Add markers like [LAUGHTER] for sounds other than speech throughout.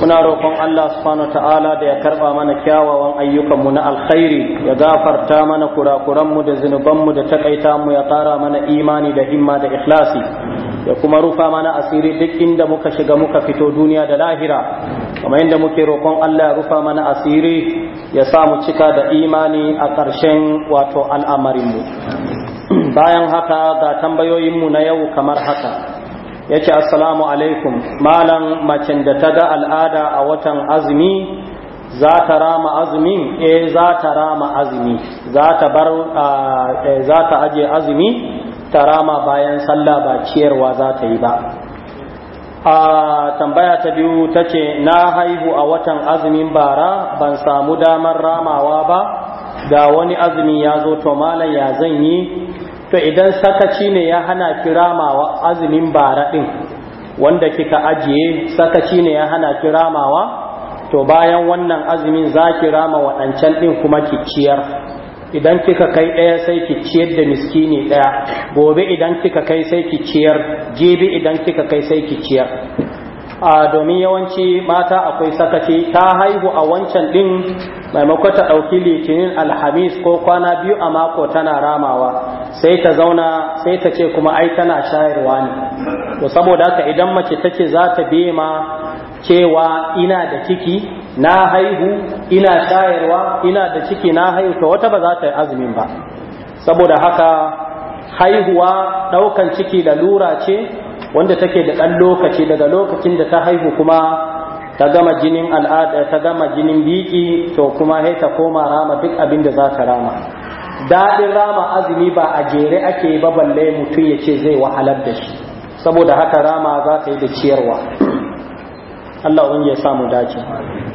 muna roƙon Allah subhanahu ta'ala da ya karɓa mana kyawawan ayyukanmu na alkhairi ya gafarta mana kurakuranmu da zunubanmu da takaita mu ya ƙara mana imani da himma da ikhlasi ya kuma rufa mana asiri duk inda muka shiga muka fito duniya da lahira kamar inda muke roƙon Allah ya rufa mana asiri ya sa mu cika da imani a ƙarshen wato al'amarinmu bayan haka ga tambayoyinmu na yau kamar haka yace asalamu assalamu alaikum malam Macen da ta ga al'ada a watan azumi za ta rama azumi eh za ta rama azumi za ta bar eh, za ta aje azumi ta rama bayan sallah ba ciyarwa za ta yi ba a tambaya ta biyu ta ce na haihu a watan azumin bara ban samu damar ramawa ba ga wani azumi ya zo to malam ya zan yi to idan sakaci ne ya hana kiramawa azumin bara din wanda kika ajiye sakaci ne ya hana kiramawa to bayan wannan azumin za ki rama waɗancan ɗin kuma ki ciyar idan kika kai ɗaya sai ki ciyar da miskini ɗaya gobe idan kika kai sai ki ciyar jibi idan kika kai sai ki ciyar a domin yawanci mata akwai sakaci ta haihu a wancan din maimakon ta ɗauki litinin alhamis ko kwana biyu a mako tana ramawa sai ta zauna sai ta ce kuma ai tana shayarwa ne to saboda haka idan mace ta ce za ta bema cewa ina da ciki na haihu ina shayarwa ina da ciki na haihu to wata ba za ta yi azumin ba saboda haka haihuwa ɗaukan ciki da lura ce wanda take da ɗan lokaci daga lokacin da ta haihu kuma ta gama jinin al'ada ta gama jinin biki to kuma sai ta koma rama duk abin da za ta rama daɗin rama azumi ba a jere ake ba balle mutum ya ce zai wahalar da shi saboda haka rama za ta yi da ciyarwa Allah un ya samu dace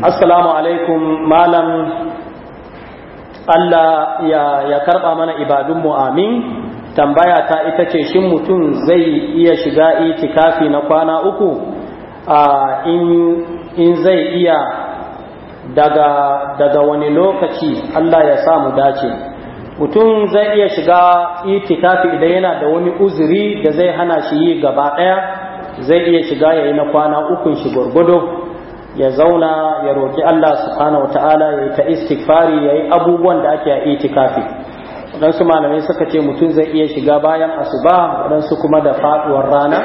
assalamu alaikum malam Allah ya, ya karɓa mana ibadunmu amin tambaya ta ita ce shin mutum zai iya shiga itikafi na kwana uku a in zai iya daga wani lokaci Allah ya samu dace mutum zai iya shiga itikafi idan yana da wani uzuri da zai hana shi yi gaba ɗaya zai iya shiga ya yi na kwana ukun shi gwargwado ya zauna ya roƙi Allah subhanahu wa ta'ala ya yi ta istighfari ya yi abubuwan da ake a itikafi waɗansu malamai suka ce mutum zai iya shiga bayan asuba waɗansu kuma da faɗuwar rana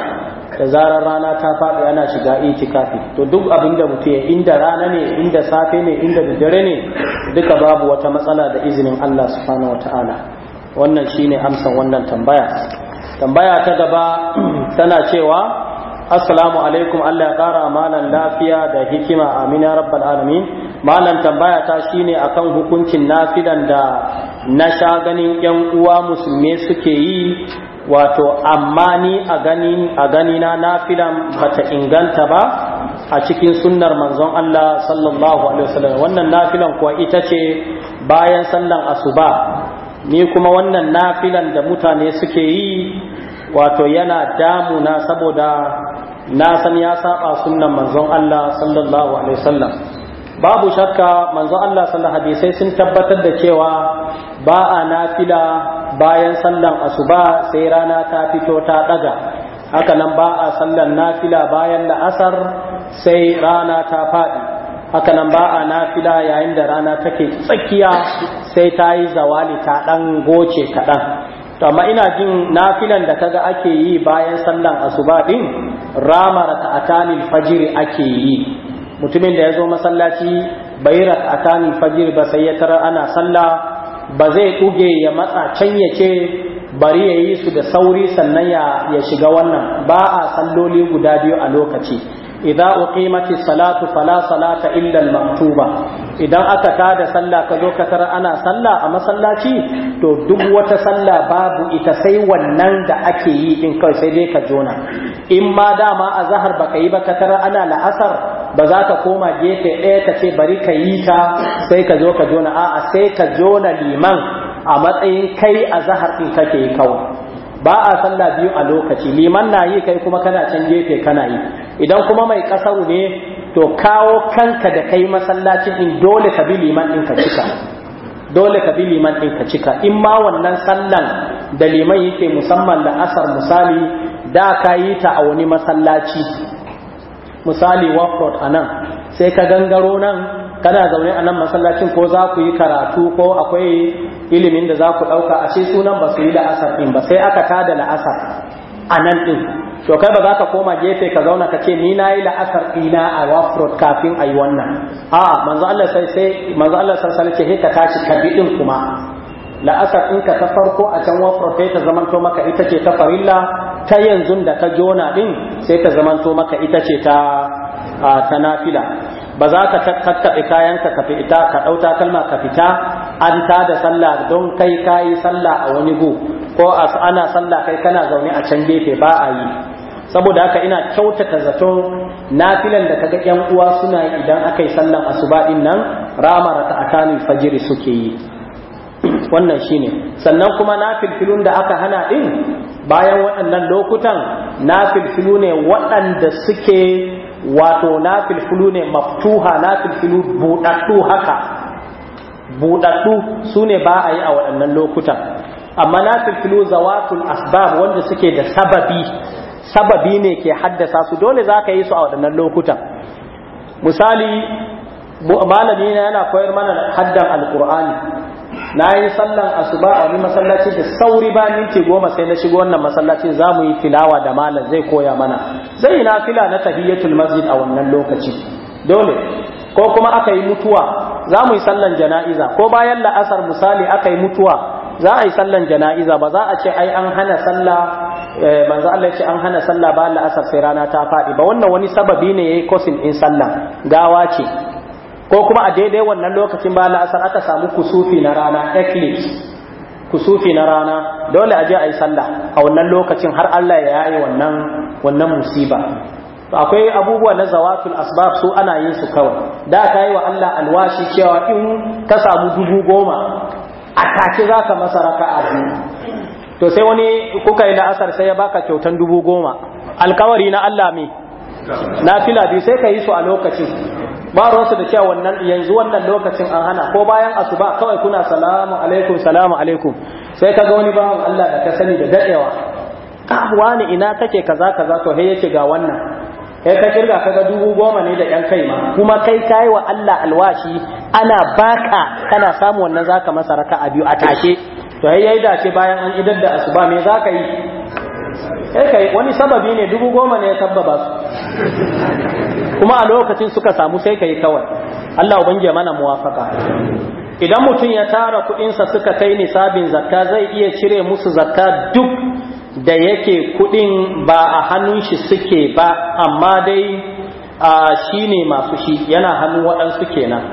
da zarar rana ta faɗi ana shiga itikafi to duk abin da mutum ya inda rana ne inda safe ne inda da dare ne duka babu wata matsala da izinin Allah subhanahu wataala wannan shine amsan wannan tambaya tambaya ta gaba [CLEARS THROAT] tana cewa assalamu alaikum Allah ya ƙara malan lafiya da hikima amina rabbal alamin malam tambaya ta shine akan hukuncin nafilan da na sha ganin yan uwa musulmi suke yi wato amma ni a gani a gani na nafilan bata inganta ba a cikin sunnar manzon Allah sallallahu alaihi wasallam wannan nafilan kuwa ita ce bayan sallan asuba ni kuma wannan nafilan da mutane suke yi wato yana damuna saboda na san ya saba sunnan manzon Allah sallallahu alaihi wasallam babu shakka manzo Allah sallallahu hadisai sun tabbatar da cewa ba a nafila bayan sallan asuba sai rana ta fito ta daga haka nan ba a sallan nafila bayan la'asar sai rana ta faɗi haka nan ba a nafila yayin da rana take tsakiya sai ta yi zawali ta ɗan goce kaɗan to amma ina jin nafilan da kaga ake yi bayan sallan asuba ɗin ramar ta atanil fajiri ake yi mutumin da ya zo masallaci bai rak'atan fajr ba sai ya tara ana sallah ba zai ɗuge ya matsa can ya ce bari ya yi su da sauri sannan ya shiga wannan ba a salloli guda biyu a lokaci idza uqimati salatu fala salata illa al-maktuba idan aka tada sallah ka zo ka tara ana sallah a masallaci to duk wata sallah babu ita sai wannan da ake yi in kai sai dai ka jona in ma dama a zahar baka yi ba ka tara ana la'asar ba za ka koma gefe ɗaya ta ce bari ka yi ta sai ka zo ka jona a'a sai ka jona liman a matsayin kai a zahar ɗin kake yi kawai ba a salla biyu a lokaci liman na yi kai kuma kana can gefe kana yi idan kuma mai ƙasar ne to kawo kanka da kai masallacin in dole ka bi liman ɗin ka cika dole ka bi liman ɗin ka cika in ma wannan sallan da liman yake musamman da asar misali da ka yi ta a wani masallaci misali wakford a nan sai ka gangaro nan kana zaune a nan masallacin ko za ku yi karatu ko akwai ilimin da za ku ɗauka a ce sunan ba su yi la'asar ɗin ba sai aka tada la'asar a nan ɗin to kai ba za ka koma gefe ka zauna ka ce ni na yi la'asar ɗina a wafrod kafin a yi wannan a manzo Allah sai sai manzo Allah sai ce ka tashi ka bi ɗin kuma la'asar ka ta farko a can wafrod sai ta zamanto maka ita ce ta farilla ta yanzu da ka jona din sai ta zamanto maka ita ce ta ta nafila ba za ka kakkaɓe kayanka ka fita ka ɗauta kalma ka fita an ta da sallah don kai kayi sallah a wani gu ko ana sallah kai kana zaune a can gefe ba a yi saboda haka ina kyautata zaton nafilan da kaga yan uwa suna yi idan aka yi sallan asuba din nan ramara ta akani fajiri suke yi wannan shine sannan kuma filun da aka hana din bayan waɗannan lokutan na filfilu ne waɗanda suke wato na filfilu ne maftuha na filfilu buɗaɗɗu haka buɗaɗɗu su ne ba a yi a waɗannan lokutan amma na filfilu zawatul asbab wanda suke da sababi sababi ne ke haddasa su dole za ka yi su a waɗannan lokutan misali malami na yana koyar mana haddan alkur'ani na yi sallan asuba a wani masallaci da sauri ba minti goma sai na shigo wannan masallaci za mu yi tilawa da malam zai koya mana zai yi nafila na tahiyyatul masjid a wannan lokaci dole ko kuma aka yi mutuwa za mu yi sallan jana'iza ko bayan la'asar misali aka yi mutuwa za a yi sallan jana'iza ba za a ce ai an hana sallah eh, manzo Allah ce an hana sallah ba la'asar sai rana ta faɗi ba wannan wani sababi ne yayi kosin in sallah gawa ce ko kuma a daidai wannan lokacin ba la'asar aka samu kusufi na rana eclipse kusufi na rana dole a je a yi sallah a wannan lokacin har Allah ya yi wannan wannan musiba akwai abubuwa na zawatul asbab su ana yin su kawai da ka yi wa Allah alwashi cewa in ka samu dubu goma a take za ka masa raka'a biyu to sai wani kuka yi la'asar sai ya baka kyautan dubu goma alkawari na Allah me na fila biyu sai ka yi su a lokacin ba ruwansu da cewa wannan yanzu wannan lokacin an hana ko bayan asuba kawai kuna salamu alaikum salamu alaikum sai kaga wani bawan Allah da ka sani da dadewa ah wani ina kake kaza kaza to he yace ga wannan kai ka kirga kaga dubu goma ne da yan kai ma kuma kai kai wa Allah alwashi ana baka kana samu wannan zaka masa a biyu a take to he yayi dace bayan an idar da asuba me zaka yi kai wani sababi ne dubu goma ne ya sabbaba su kuma a lokacin suka samu sai yi kawai Allah ubangiya mana muwafaka idan mutum ya tara kuɗinsa suka kai nisabin zakka zai iya cire musu zakka duk da yake kuɗin ba a hannun shi suke ba amma dai a shi ne masu shi yana hannun waɗansu kenan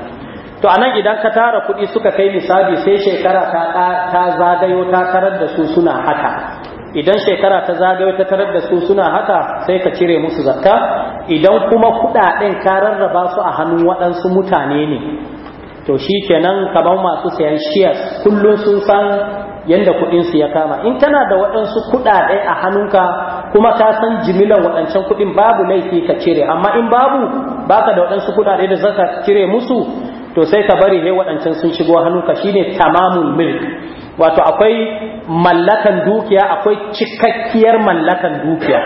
to anan idan ka tara kuɗi suka kai nisabi sai shekara ta zagayo ta karar da su suna haka idan shekara ta zagaye ta tarar da su suna haka sai ka cire musu zakka idan kuma kudaden ka rarraba su a hannun waɗansu mutane ne to shi kenan kamar masu sayan shares kullum sun san yadda kuɗinsu ya kama in tana da waɗansu kuɗaɗe a hannunka kuma ka san jimilan waɗancan kuɗin babu laifi ka cire amma in babu baka da waɗansu kuɗaɗe da zaka cire musu to sai ka bari he waɗancan sun shigo hannunka shine tamamul milk wato akwai mallakan dukiya akwai cikakkiyar mallakan dukiya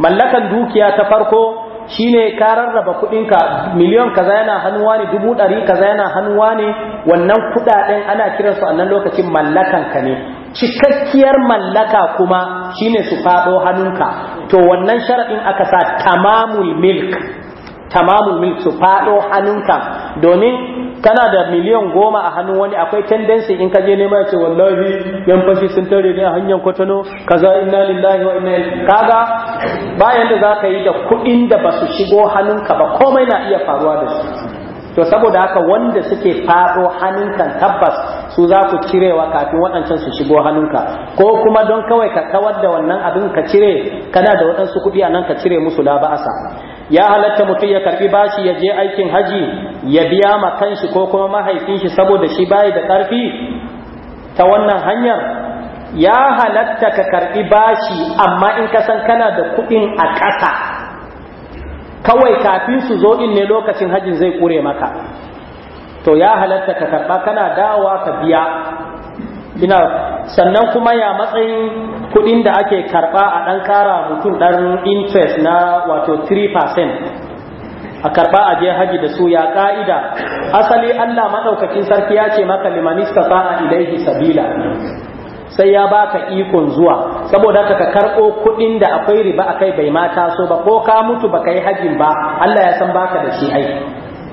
mallakan dukiya ta farko shine ka rarraba kudinka miliyon kaza yana hannuwa ne dubu ɗari kaza yana hannuwa ne wannan kudaden ana kiran su a nan lokacin mallakan ka ne cikakkiyar mallaka kuma shine su faɗo hannunka to wannan sharaɗin aka sa tamamul milk tamamul milk su faɗo hannunka domin kana da miliyan goma a hannun wani akwai tendensi in ka je nema ya ce wallahi yan fashi sun tare ne a hanyar kwatano kaza inna lillahi wa inna ilaihi kaga bayan da zaka yi da kuɗin da basu shigo hannunka ba komai na iya faruwa da su to saboda haka wanda suke faɗo hannunka tabbas su za ku cirewa kafin waɗancan su shigo hannunka ko kuma don kawai ka kawar da wannan abin ka cire kana da waɗansu kuɗi a nan ka cire musu la ba'asa ya halatta mutum ya karbi bashi ya je aikin haji ya biya ma kanshi ko kuma mahaifin shi saboda shi bayi da karfi ta wannan hanyar ya halatta ka karbi bashi amma in ka san kana da kuɗin a ƙasa kawai kafin su zo in ne lokacin hajin zai kure maka to ya halatta ka karba kana dawa ka biya ina sannan kuma ya matsayin kudin da ake karba a dan kara mutum dan interest na wato 3% a karba a je haji da su ya ka'ida asali Allah madaukakin sarki ya ce maka limanista a ilaihi sabila sai ya baka ikon zuwa saboda ka karɓo kuɗin da akwai riba akai bai mata so ba ko ka mutu baka yi hajjin ba Allah ya san baka da shi ai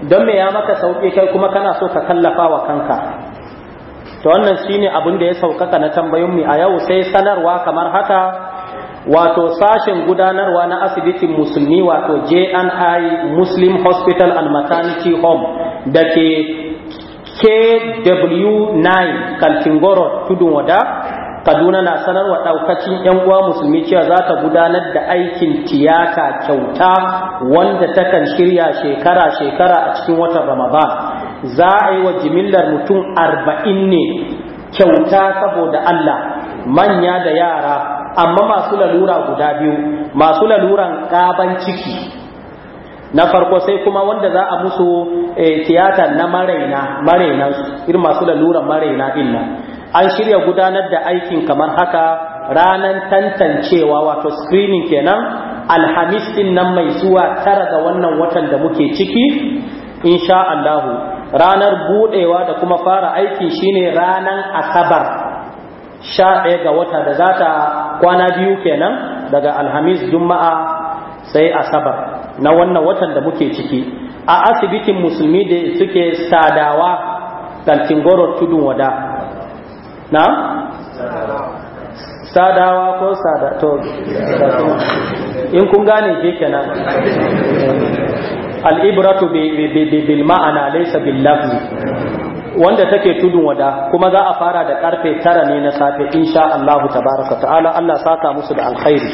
don me ya maka sauƙi kai kuma kana so ka kallafa wa kanka to wannan shine abin da ya saukaka na tambayoyin mu a yau sai sanarwa kamar haka wato sashen gudanarwa na asibitin musulmi wato JNI Muslim Hospital and Maternity Home da ke KW9 Kaltingoro Tudun Wada Kaduna na sanarwa daukacin yan uwa musulmi cewa za ta gudanar da aikin tiyata kyauta wanda ta kan shirya shekara-shekara a cikin watan Ramadan za a yi wa jimillar mutum arba'in ne kyauta saboda Allah manya da yara amma masu lalura guda biyu masu laluran ƙaban ciki na farko sai kuma wanda za a musu eh, tiyata na maraina marainan irin masu laluran maraina din nan an shirya gudanar da aikin kamar haka ranan tantancewa wato screening kenan alhamis din nan mai zuwa tara ga wannan watan da muke ciki insha Allahu ranar budewa da kuma fara aiki shine ranar asabar sha ɗaya ga wata da za ta kwana biyu kenan daga alhamis juma'a sai asabar na wannan watan da muke ciki a asibitin musulmi da suke sadawa kaltingoro tudun wada na? sadawa ko sada in kun gane ke kenan al'ibratu bil ma'ana laisa bil lafzi wanda take tudun wada kuma za a fara da karfe tara ne na safe insha Allah tabaraka ta'ala Allah saka musu da alkhairi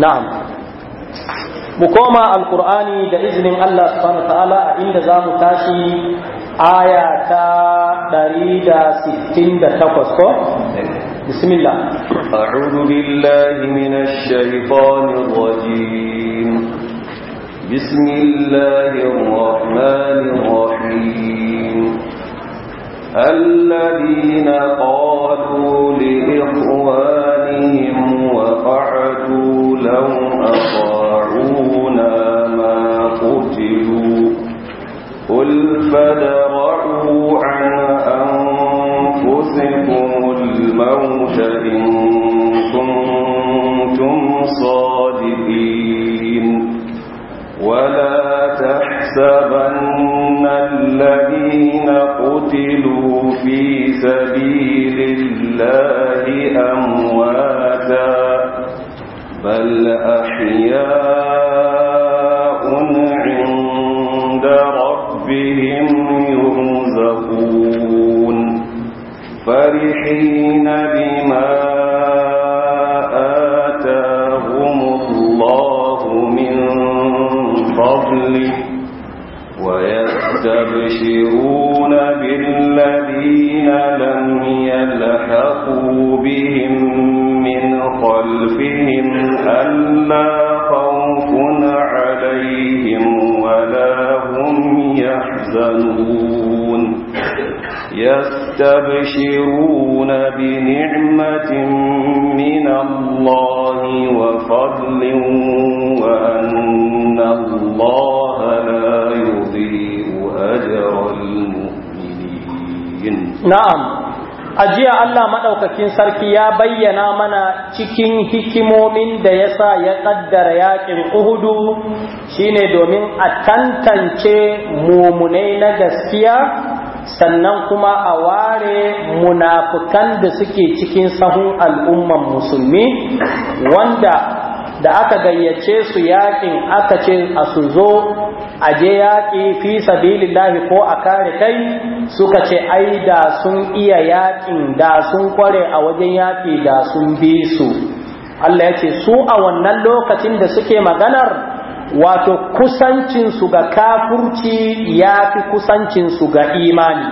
na'am mu koma alqur'ani da iznin Allah subhanahu ta'ala a inda za mu tashi aya ta 168 ko bismillah a'udhu billahi minash shaitanir rajim بسم الله الرحمن الرحيم الذين قالوا لإخوانهم وقعدوا لو أطاعونا ما قتلوا قل فدرعوا عن أنفسكم الموت إن كنتم صادقين ولا تحسبن الذين قتلوا في سبيل الله أمواتا بل أحياء عند ربهم يرزقون فرحين بما فضله ويستبشرون بالذين لم يلحقوا بهم من خلفهم ألا خوف عليهم ولا هم يحزنون يستبشرون بنعمة من الله وفضل وأن إن الله لا يضيء أجر المؤمنين نعم Allah maɗaukakin sarki ya bayyana mana cikin hikimomin da ya sa ya ƙaddara yaƙin Uhudu shine domin a tantance mumunai na gaskiya sannan kuma a ware munafukan da suke cikin sahun al'umman musulmi wanda da aka gayyace su yaƙin aka ce a su zo a je yaƙi fi sabilillahi ko a kare kai suka ce ai da sun iya yaƙin da sun kware a wajen yaƙi da sun bi su Allah ya ce su a wannan lokacin da suke maganar wato kusancinsu ga kafurci ya fi kusancinsu ga imani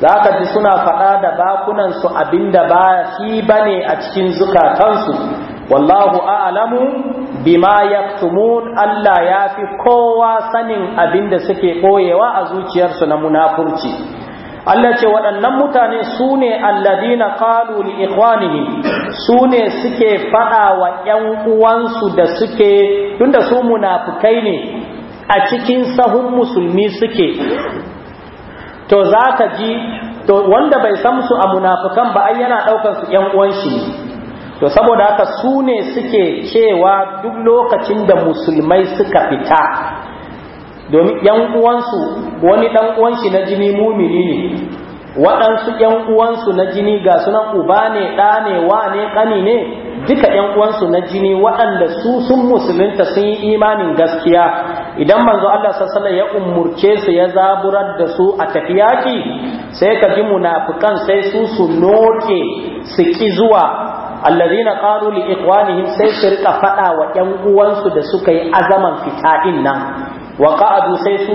za ka ji suna faɗa da bakunansu abinda ba shi bane a cikin zukatansu wallahu a'lamu bima yaktumun Allah ya fi kowa sanin abin da suke koyewa a zuciyarsu na munafurci Allah ce waɗannan mutane su ne alladina qalu li ikhwanihi su ne suke faɗa wa ƴan uwansu da suke tunda su munafukai ne a cikin sahun musulmi suke to zaka ji to wanda bai san su a munafukan ba ai yana ɗaukar su ƴan uwan shi to saboda haka su ne suke cewa duk lokacin da musulmai suka fita domin yan uwansu wani dan uwan shi na jini mumini ne waɗansu yan uwansu na jini ga sunan uba ne ɗa ne wa ne ƙani ne duka yan uwansu na jini waɗanda su sun musulunta sun yi imanin gaskiya idan manzo Allah sassala ya umurce su ya zaburar da su a tafiyaki sai ka ji munafikan sai su su noke su ki zuwa allazina qalu li ikhwanihim sai su rika fada wa yan uwansu da suka yi azaman fita nan wa qa'adu sai su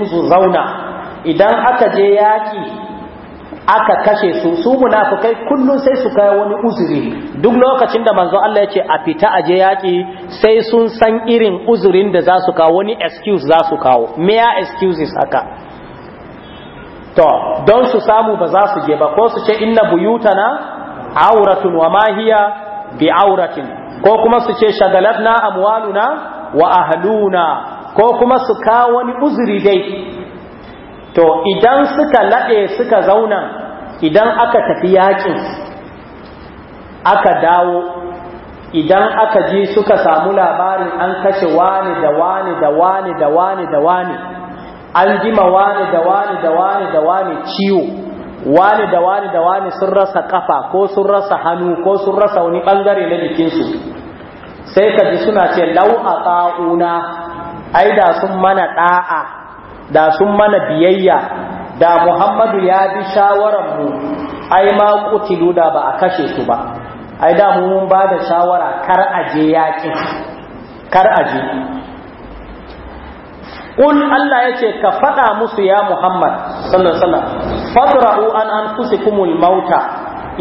idan aka je yaki aka kashe su su munafukai kullum sai su kai wani uzuri duk lokacin da manzo Allah ya a fita aje yaki sai sun san irin uzurin da za su kawo wani excuse za su kawo meya excuses haka to don su samu ba za su je ba ko su ce inna buyutana auratun wa mahiya bi auratin ko kuma su ce shagalatna amwaluna wa ahluna ko kuma su ka wani uzuri dai to idan suka laɗe suka zauna idan aka tafi yakin aka dawo idan aka ji suka samu labarin an kashe wani da wani da wani da wani da wani an jima wani da wani da wani da wani ciwo wani da wani da wani sun rasa kafa ko sun rasa hannu ko sun rasa wani ɓangare na jikinsu sai ka ji suna ce lau a ƙa'una ai da sun mana ɗa'a da sun mana biyayya da muhammadu ya bi shawararmu ai ma kutilu da ba a kashe su ba ai da mun ba da shawara kar aje yaƙi kar aje Kun Allah ya ce ka faɗa musu ya Muhammad sallallahu alaihi wasallam fadra'u an anfusikumul mauta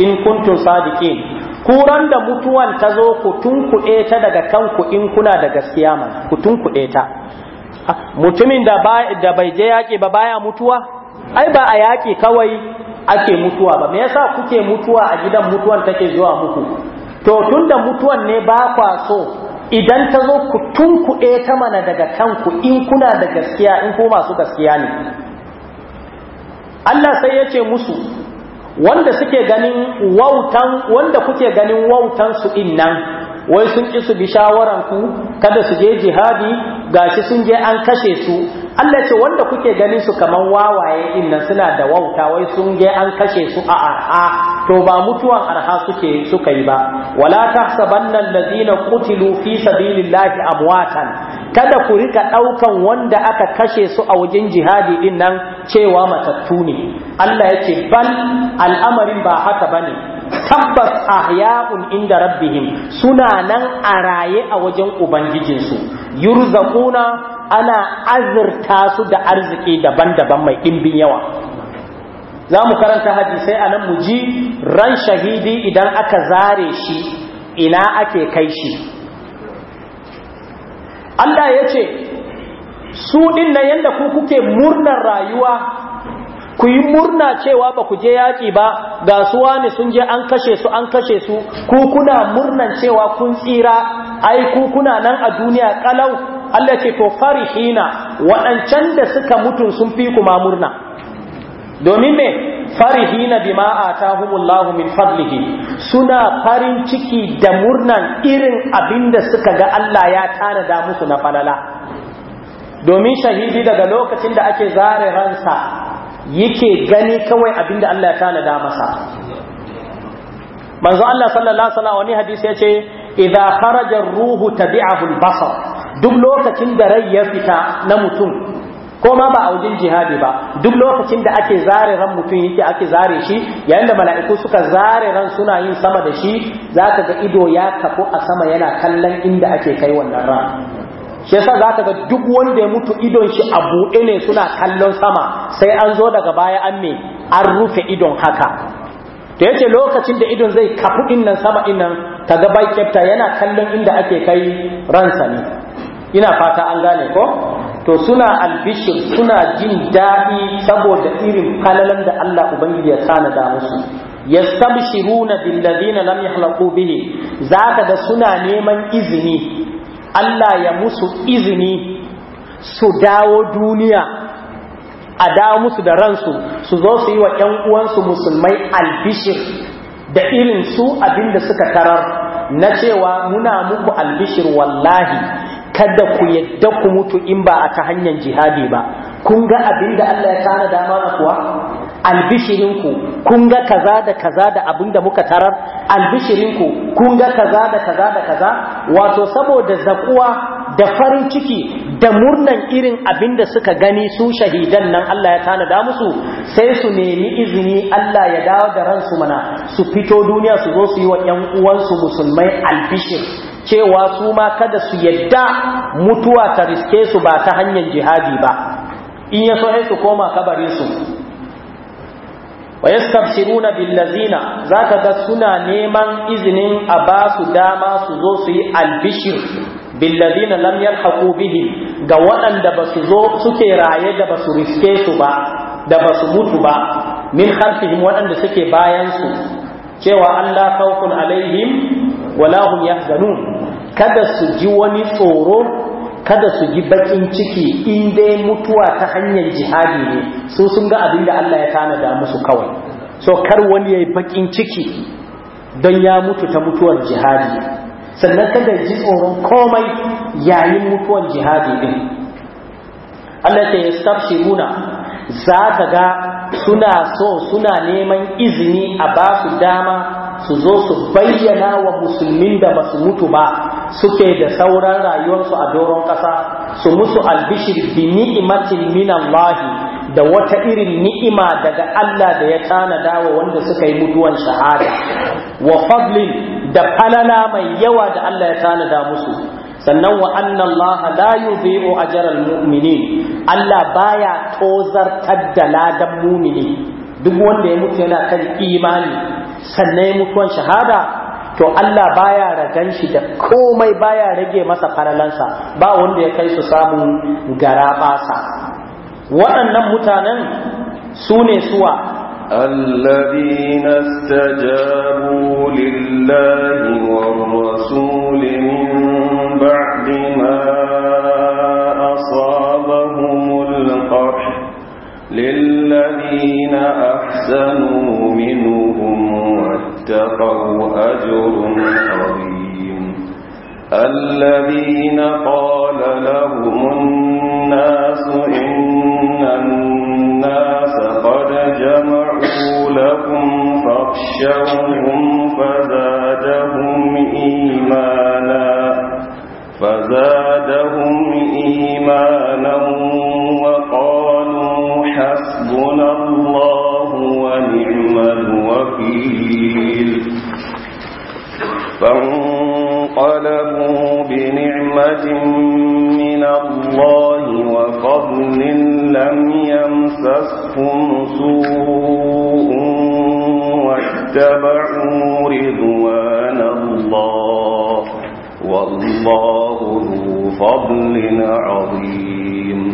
in kuntum sadiqin kuran da mutuwan ta zo ku tunkuɗe ta daga kanku in kuna da gaskiya man ku tunkuɗe ta ah, mutumin da bai je yaƙi ba baya mutuwa ai ba a yaƙi kawai ake mutuwa ba me yasa kuke mutuwa a gidan mutuwan take zuwa muku to tunda mutuwan ne ba kwa so idan ta zo ku tunkuɗe ta mana daga kanku in kuna da gaskiya in ko masu gaskiya ne Allah sai ya ce musu wanda suke ganin wautan wanda kuke ganin wautan su din nan wai sun ki su bi shawaran ku kada su je jihadi gashi sun je an kashe su Allah ce wanda kuke ganin su kamar wawaye din suna da wauta wai sun ga an kashe su a arha to ba mutuwan arha suke suka yi ba wala tahsabanna alladhina qutilu fi sabilillahi amwatan kada ku rika daukan wanda aka kashe su a wajen jihadi din cewa matattu ne Allah yace bal al'amarin ba haka bane tabbas ahya'un inda rabbihim suna nan a raye a wajen ubangijinsu yurzaquna ana azurta su da arziki daban-daban mai ɗimbin yawa za mu karanta hadisai a nan mu ji ran shahidi idan aka zare shi ina ake kai shi Allah ya ce su ɗin na yadda ku kuke murnar rayuwa ku yi murna cewa ba ku je yaƙi ba ga su wani sun je an kashe su an kashe su ku kuna murnan cewa kun tsira ai ku kuna nan a duniya kalau Allah ce to farihina waɗancan da suka mutu sun fi kuma murna domin me farihina bima atahumullahu min fadlihi suna farin ciki da murnan irin abinda suka ga Allah ya tanada musu na falala domin shahidi daga lokacin da ake zare ransa yake gani kawai abinda Allah ya tanada masa manzo Allah sallallahu alaihi wasallam wani hadisi yace idza kharaja ar-ruhu tabi'ahu al-basar duk lokacin da rai ya fita na mutum ko ma ba a wajen jihadi ba duk lokacin da ake zare ran mutum yake ake zare shi yayin da mala'iku suka zare ran suna yin sama da shi za zaka ga ido ya kafu a sama yana kallon inda ake kai wannan ran shi yasa zaka ga duk wanda ya mutu idon shi a buɗe ne suna kallon sama sai an zo daga baya an me an rufe idon haka to yace lokacin da idon zai kafu din nan sama din nan kaga bai kyafta yana kallon inda ake kai ransa ne ina fata an gane ko to suna albishir suna jin daɗi saboda irin falalan da Allah Ubangiji ya da musu yastabshiruna billadina lam yahlaqu bihi zaka da suna neman izini Allah ya musu izini su dawo duniya a dawo musu da ransu su zo su yi wa ƴan uwansu musulmai albishir da irin su abinda suka tarar na cewa muna muku albishir wallahi kada ku yadda ku mutu in ba a ta hanyar jihadi ba kun ga abin da Allah ya tana da mana kuwa albishirinku kun ga kaza da kaza da abin da muka tarar albishirinku kun ga kaza da kaza da kaza wato saboda zakuwa da farin ciki da murnan irin abin da suka gani su shahidan nan Allah ya tanada musu sai su nemi izini Allah ya dawo da ransu mana su fito duniya su zo su yi wa 'yan uwansu musulmai albishir cewa su ma kada su yadda mutuwa ta riske su ba ta hanyar jihadi ba in ya so su koma kabarin su wa yastabshiruna billazina zaka ga suna neman izinin a ba su dama su zo su yi albishir billazina lam yalhaqu bihi ga waɗanda ba su zo suke raye da ba su riske su ba da ba su mutu ba min khalfihim waɗanda suke bayan su cewa Allah khawfun alaihim wala hum yahzanun kada su ji wani tsoro kada su ji bakin ciki in dai mutuwa ta hanyar jihadi ne su sun ga abin da Allah ya tanada musu kawai so kar wani yayi bakin ciki don ya mutu ta mutuwar jihadi sannan kada ji tsoron komai yayin mutuwar jihadi din Allah ta yastabshiruna za ka ga suna so suna neman izini a ba su dama su zo su bayyana wa musulmin da ba su mutu ba suke da sauran rayuwarsu a doron ƙasa su musu albishir bi ni'imatin min Allah da wata irin ni'ima daga Allah da ya tanada wa wanda suka yi mutuwan shahada wa fadlin da falala mai yawa da Allah ya tanada musu sannan wa anna Allah la yudhi'u ajral mu'minin Allah baya tozartar da ladan mu'mini duk wanda ya mutu yana kan imani sannan ya mutuwan shahada to Allah baya ragan shi da komai baya rage masa faralansa ba wanda ya kai su samun gara basa waɗannan mutanen su ne suwa الذين استجابوا لله والرسول من بعد ما أصابهم القرح لله للذين أحسنوا منهم واتقوا أجر عظيم الذين قال لهم الناس إن الناس قد جمعوا لكم فاخشوهم فزادهم إيمانا فزادهم إيمانا فانقلبوا بنعمة من الله وفضل لم يمسسهم سوء واتبعوا رضوان الله والله ذو فضل عظيم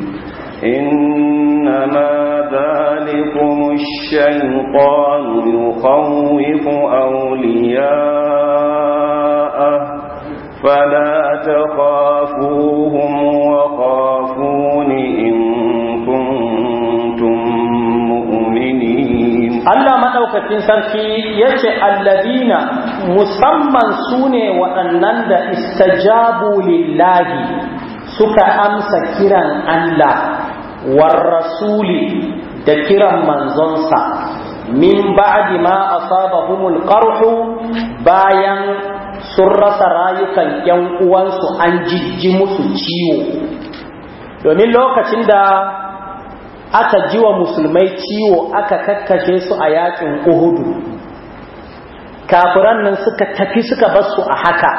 إنما ذلكم الشيطان يخوف أولياءه فلا تخافوهم وخافون إن كنتم مؤمنين الله ما أوكت سركي يجي الذين مسمى سوني وأنند استجابوا لله سكا أمس كرا الله والرسول دكرا منزنسا من بعد ما أصابهم القرح bayan sun rasa rayukan ‘yan uwansu an jijji musu ciwo domin lokacin da aka ji wa musulmai ciwo aka kakkashe su a yakin uhudu kafiran nan suka tafi suka basu a haka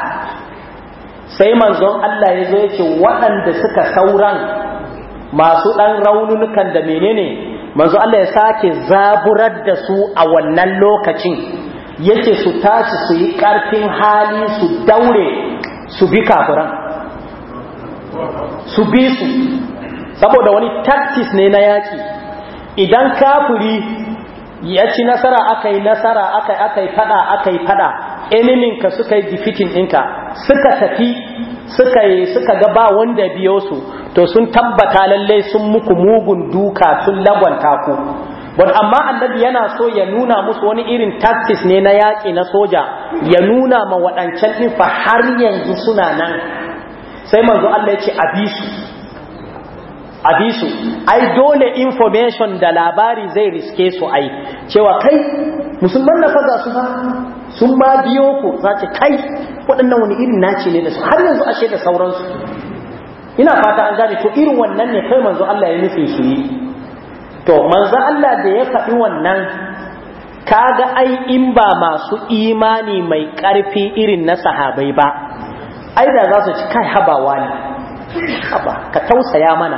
sai manzon Allah ya zo yake waɗanda suka sauran masu ɗan raununukan da menene manzon Allah ya sake zaburar da su a wannan lokacin yace su tashi su yi ƙarfin hali su daure su bi kafiran su bi su saboda wani tactics ne na yaki idan kafuri ya ci nasara aka yi nasara aka yi aka yi fada aka yi eniminka suka yi defeating ɗinka suka tafi suka yi suka ga ba wanda biyo su to sun tabbata lallai sun muku mugun duka sun lagwanta ku Wani amma annabi yana so ya nuna musu wani irin taktis ne na yaƙi na soja ya nuna ma waɗancan ɗin fa har yanzu suna nan sai manzo Allah ya ce a bi su ai dole information da labari zai riske su ai cewa kai musulman na faza su ba sun ba biyo ku za ce kai waɗannan wani irin naci ne da su har yanzu ashe da sauransu ina fata an gane to irin wannan ne kai manzo Allah ya nufi su yi to manzo Allah da ya faɗi wannan kaga ai in ba masu imani mai ƙarfi irin na sahabai ba ai da za su ci kai habawa ne haba ka tausaya mana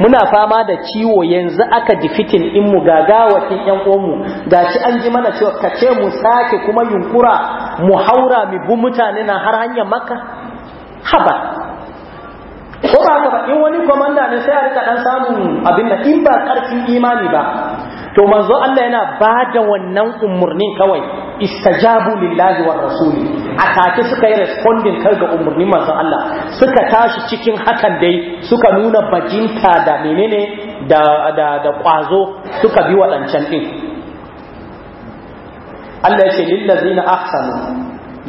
muna fama da ciwo yanzu aka difitin in mu gagawakin yan ga gashi an ji mana cewa ka ce mu sake kuma yunkura mu haura mu bi mutane na har hanyar maka haba ko ba haka ba in wani komanda ne sai a rika dan samun abin da in ba karfin imani ba to manzo Allah yana ba da wannan umurnin kawai istajabu lillahi war rasuli a take suka yi responding kar ga umurnin manzo Allah suka tashi cikin hakan dai suka nuna bajinta da menene da da da kwazo suka bi wadancan din Allah ya ce lillazina ahsanu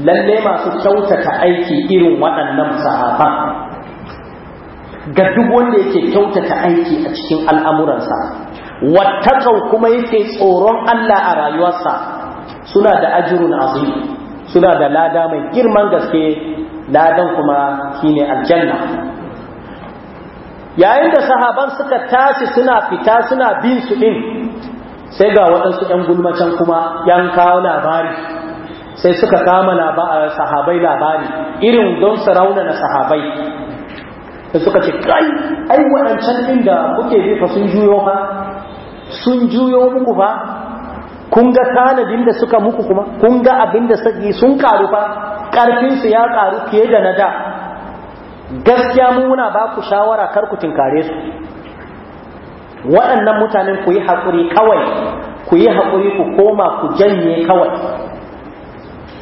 lalle masu kyautata aiki irin waɗannan sahaba ga duk wanda yake kyautata aiki a cikin al'amuransa wattaqau kuma yake tsoron Allah a rayuwarsa suna da ajirun azu, suna da lada mai girman gaske ladan kuma shine aljanna yayin da sahaban suka tashi suna fita suna bin su ɗin, sai ga waɗansu ‘yan gulmacan kuma ‘yan kawo labari sai suka kama sahabai labari irin don su raunana sahabai da suka ce kai ai waɗancan ɗin da kuke bi fa sun juyo fa sun juyo muku fa kun ga tanadin da suka muku kuma kun ga abin da saki sun karu fa ƙarfinsu ya karu fiye da na da gaskiya mu muna ba ku shawara kar ku tinkare su waɗannan mutanen ku yi haƙuri kawai ku yi haƙuri ku koma ku janye kawai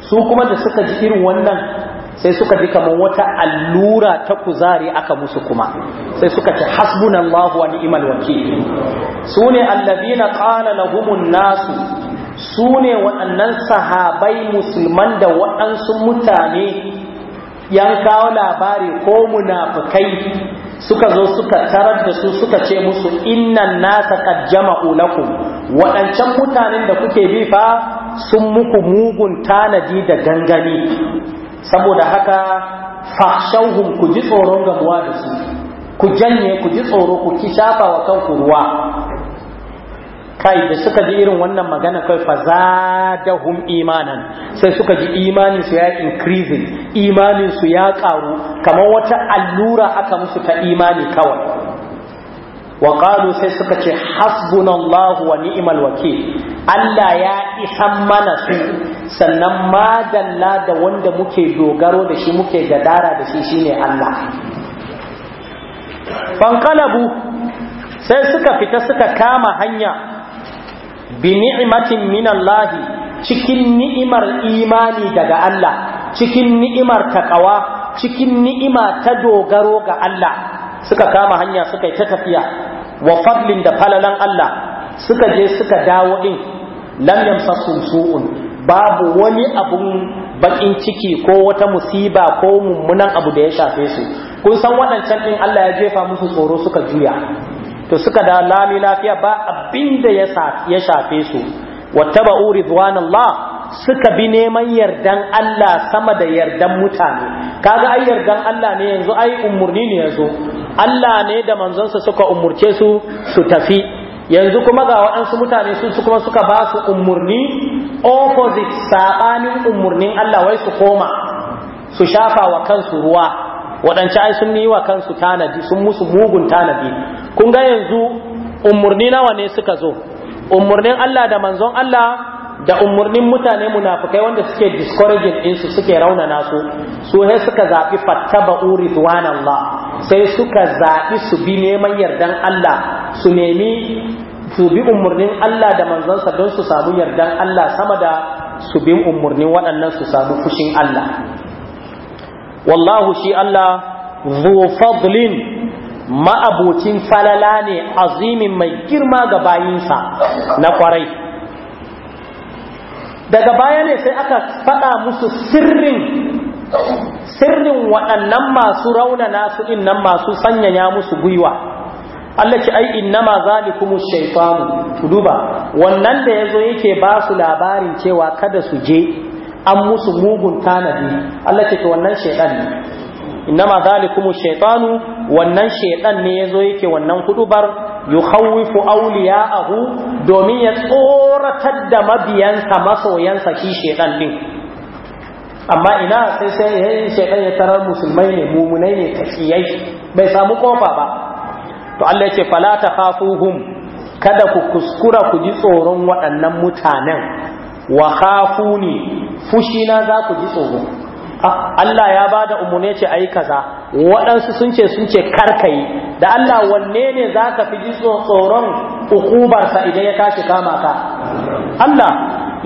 su kuma da suka ji irin wannan sai suka ji kamar wata allura ta kuzari aka musu kuma sai suka ce hasbunallahu wa ni'mal wakeel sune alladhina qala lahumun nasu sune waɗannan sahabai musulman da waɗansu mutane yan kawo labari ko munafikai suka zo suka tarar da su suka ce musu innan nasa qad jama'u lakum waɗancan mutanen da kuke bi fa sun muku mugun tanadi da gangani saboda haka fahshauhum ku ji tsoron gabuwa da su ku janye ku ji tsoro ku ki shafa wa kanku ruwa kai da suka ji irin wannan magana kai fa zadahum imanan sai suka ji imanin su ya increase imanin su ya karu kamar wata allura aka musu ta imani kawai wa qalu sai suka ce hasbunallahu wa ni'mal wakil Allah ya isan mana su sannan madalla da wanda muke dogaro da shi muke gadara da shi shine Allah Fankalabu sai suka fita suka kama hanya bi ni'matin min Allah cikin ni'imar imani daga Allah cikin ni'imar takawa cikin ni'ima ta dogaro ga Allah suka kama hanya suka ta tafiya wa fadlin da falalan Allah suka je suka dawo din lam yamsasu su'un babu wani abun bakin ciki ko wata musiba ko mummunan abu da ya shafe su kun san waɗancan ɗin Allah ya jefa musu tsoro suka juya to suka da lami lafiya ba abin da ya shafe su Wata uri Allah suka bi neman yardan Allah sama da yardan mutane kaga ai yardan Allah ne yanzu ai umurni ne yanzu Allah ne da manzonsa suka umurce su su tafi yanzu kuma ga waɗansu mutane sun su kuma suka ba su umarni opposite saɓanin umarnin Allah wai su koma su shafa wa kansu ruwa waɗanci ai sun yi wa kansu tanadi sun musu mugun tanadi kun ga yanzu umurni nawa ne suka zo umarnin Allah da manzon Allah da umarnin mutane munafukai wanda suke discouraging ɗinsu suke raunana su su sai suka zaɓi fattaba sai suka zaɓi su bi neman yardan Allah su nemi su bi umarnin Allah da manzansa don su samu yardan Allah sama da su bi umarnin waɗannan su samu fushin Allah wallahu shi Allah zu fadlin ma'abocin falala ne azimin mai girma ga bayinsa na kwarai daga baya ne sai aka faɗa musu sirrin sirrin waɗannan masu raunana su nan masu sanyaya musu gwiwa Allah ki ai innama zalikumu shaytanu ku duba wannan da yazo yake ba su labarin cewa kada su je an musu mugun tanadi Allah ki wannan shaytan ne innama zalikumu shaytanu wannan shaytan ne yazo yake wannan kudubar yukhawifu awliya'ahu domin ya tsoratar da mabiyansa masoyansa shi shaytan din amma ina sai sai shekai ya tarar musulmai ne mumunai ne taqiyai bai samu kofa ba to Allah ya ce fala takhafuhum kada ku kuskura ku ji tsoron waɗannan mutanen wa ne fushina za ku ji tsoro Ah, Allah ya ba da umarni ce ayi kaza waɗansu sun ce sun ce karkayi da Allah wanne ne za ka fi ji tsoron ukubarsa idan ya tashi kama ka Allah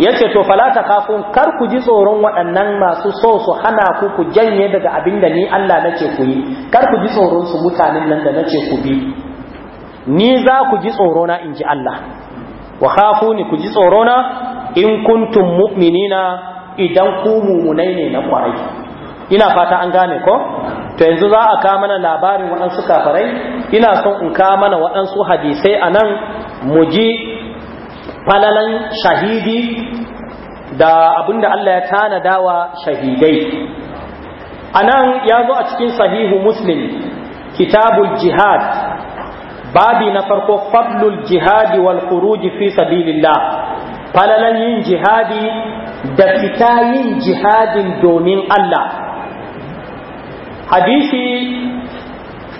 ya ce to falata kafin kar ku ji tsoron waɗannan masu so su hana ku ku janye daga abin da ni Allah na ce ku yi kar ku ji tsoron su mutanen nan da na ce ku bi ni za ku ji tsorona in ji Allah wa khafuni ku ji tsorona in kuntum mu'minina idan ku mumunai ne na kwarai ina fata an gane ko to yanzu za a kawo mana labarin waɗansu kafarai ina son in kawo mana waɗansu hadisai a nan mu ji falalan shahidi da abin da Allah ya tanada wa shahidai a nan ya zo a cikin sahihu muslim kitabul jihad babi na farko fadlul jihadi wal khuruji fi sabilillah falalan yin jihadi da fita yin jihadin domin Allah hadisi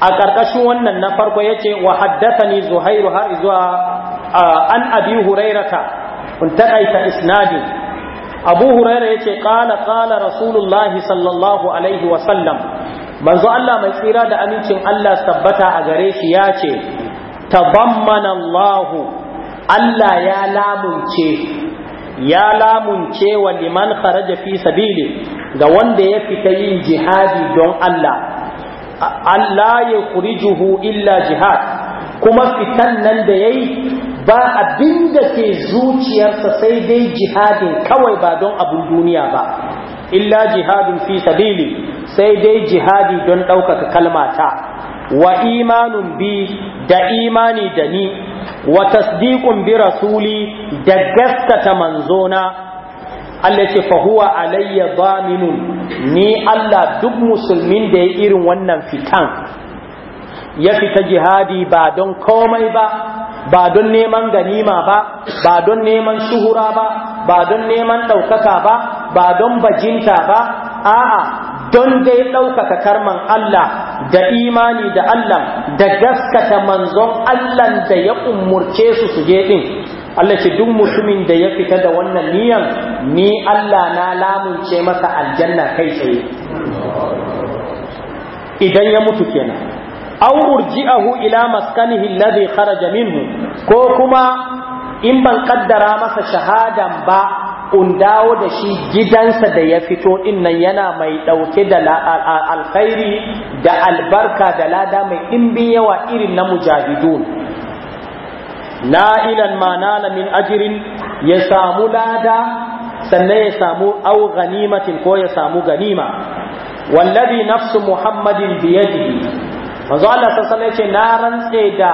a ƙarƙashin wannan na farko ya ce wa ni zuhairu har zuwa an abi hurairata kun taƙaita isnadin abu huraira ya ce ƙala ƙala rasulullahi sallallahu alaihi wasallam manzo Allah mai tsira da amincin Allah tabbata a gare shi ya ce ta Allah ya lamunce ya lamunce wa liman kharaja fi sabili ga wanda ya fita yin jihadi don Allah Allah ya kurijuhu illa jihad kuma fitan nan da yayi ba abin da ke zuciyarsa sai dai jihadin kawai ba don abin duniya ba illa jihadin fi sabili sai dai jihadi don ɗaukaka kalmata wa imanun bi da imani da ni wa tasdiqun bi rasuli da gaskata manzona Allah ce fa huwa alayya zaminun ni Allah duk musulmin da ya irin wannan fitan ya fita jihadi ba don komai ba ba don neman ganima ba ba don neman shuhura ba ba don neman ɗaukaka ba ba don bajinta ba a'a don dai ɗaukaka karman Allah da imani da Allah da gaskata manzon Allah da ya umurce su su je ɗin Allah ce duk mutumin da ya fita da wannan niyan ni Allah na lamunce masa aljanna kai tsaye idan ya mutu kenan aw urji'ahu ila maskanihi alladhi kharaja minhu ko kuma in ban kaddara masa shahadan ba undawo da shi gidansa da ya fito dinnan yana mai ɗauke da alkhairi da albarka da lada mai ɗimbin yawa irin na mujahidun na'ilan ma min ajirin ya samu lada sannan ya samu au ganimatin ko ya samu ganima wallazi nafsu muhammadin biyadihi manzo Allah sallallahu ya ce na rantse da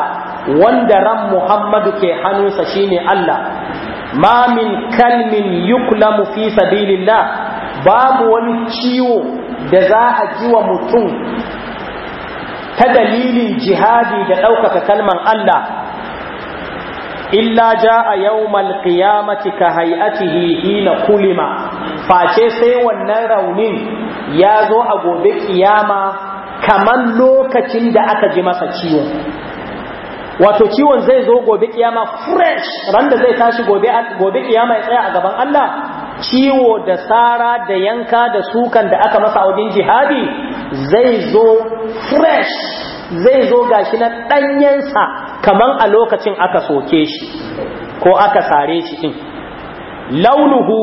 wanda ran muhammadu ke hannunsa shine Allah ma min kalmin yuklamu fi sabilillah babu wani ciwo da za a ji wa mutum ta dalilin jihadi da ɗaukaka kalman Allah illa ja a yau malkiyamati ka hayatihi hina kulima face sai wannan raunin ya zo a gobe kiyama kamar lokacin da aka ji masa ciwo. wato ciwon zai zo gobe kiyama fresh randa zai tashi gobe gobe kiyama ya tsaya a gaban Allah ciwo da sara da yanka da sukan da aka masa wajen jihadi zai zo fresh zai zo gashi na danyensa kaman a lokacin aka soke shi ko aka sare shi din launuhu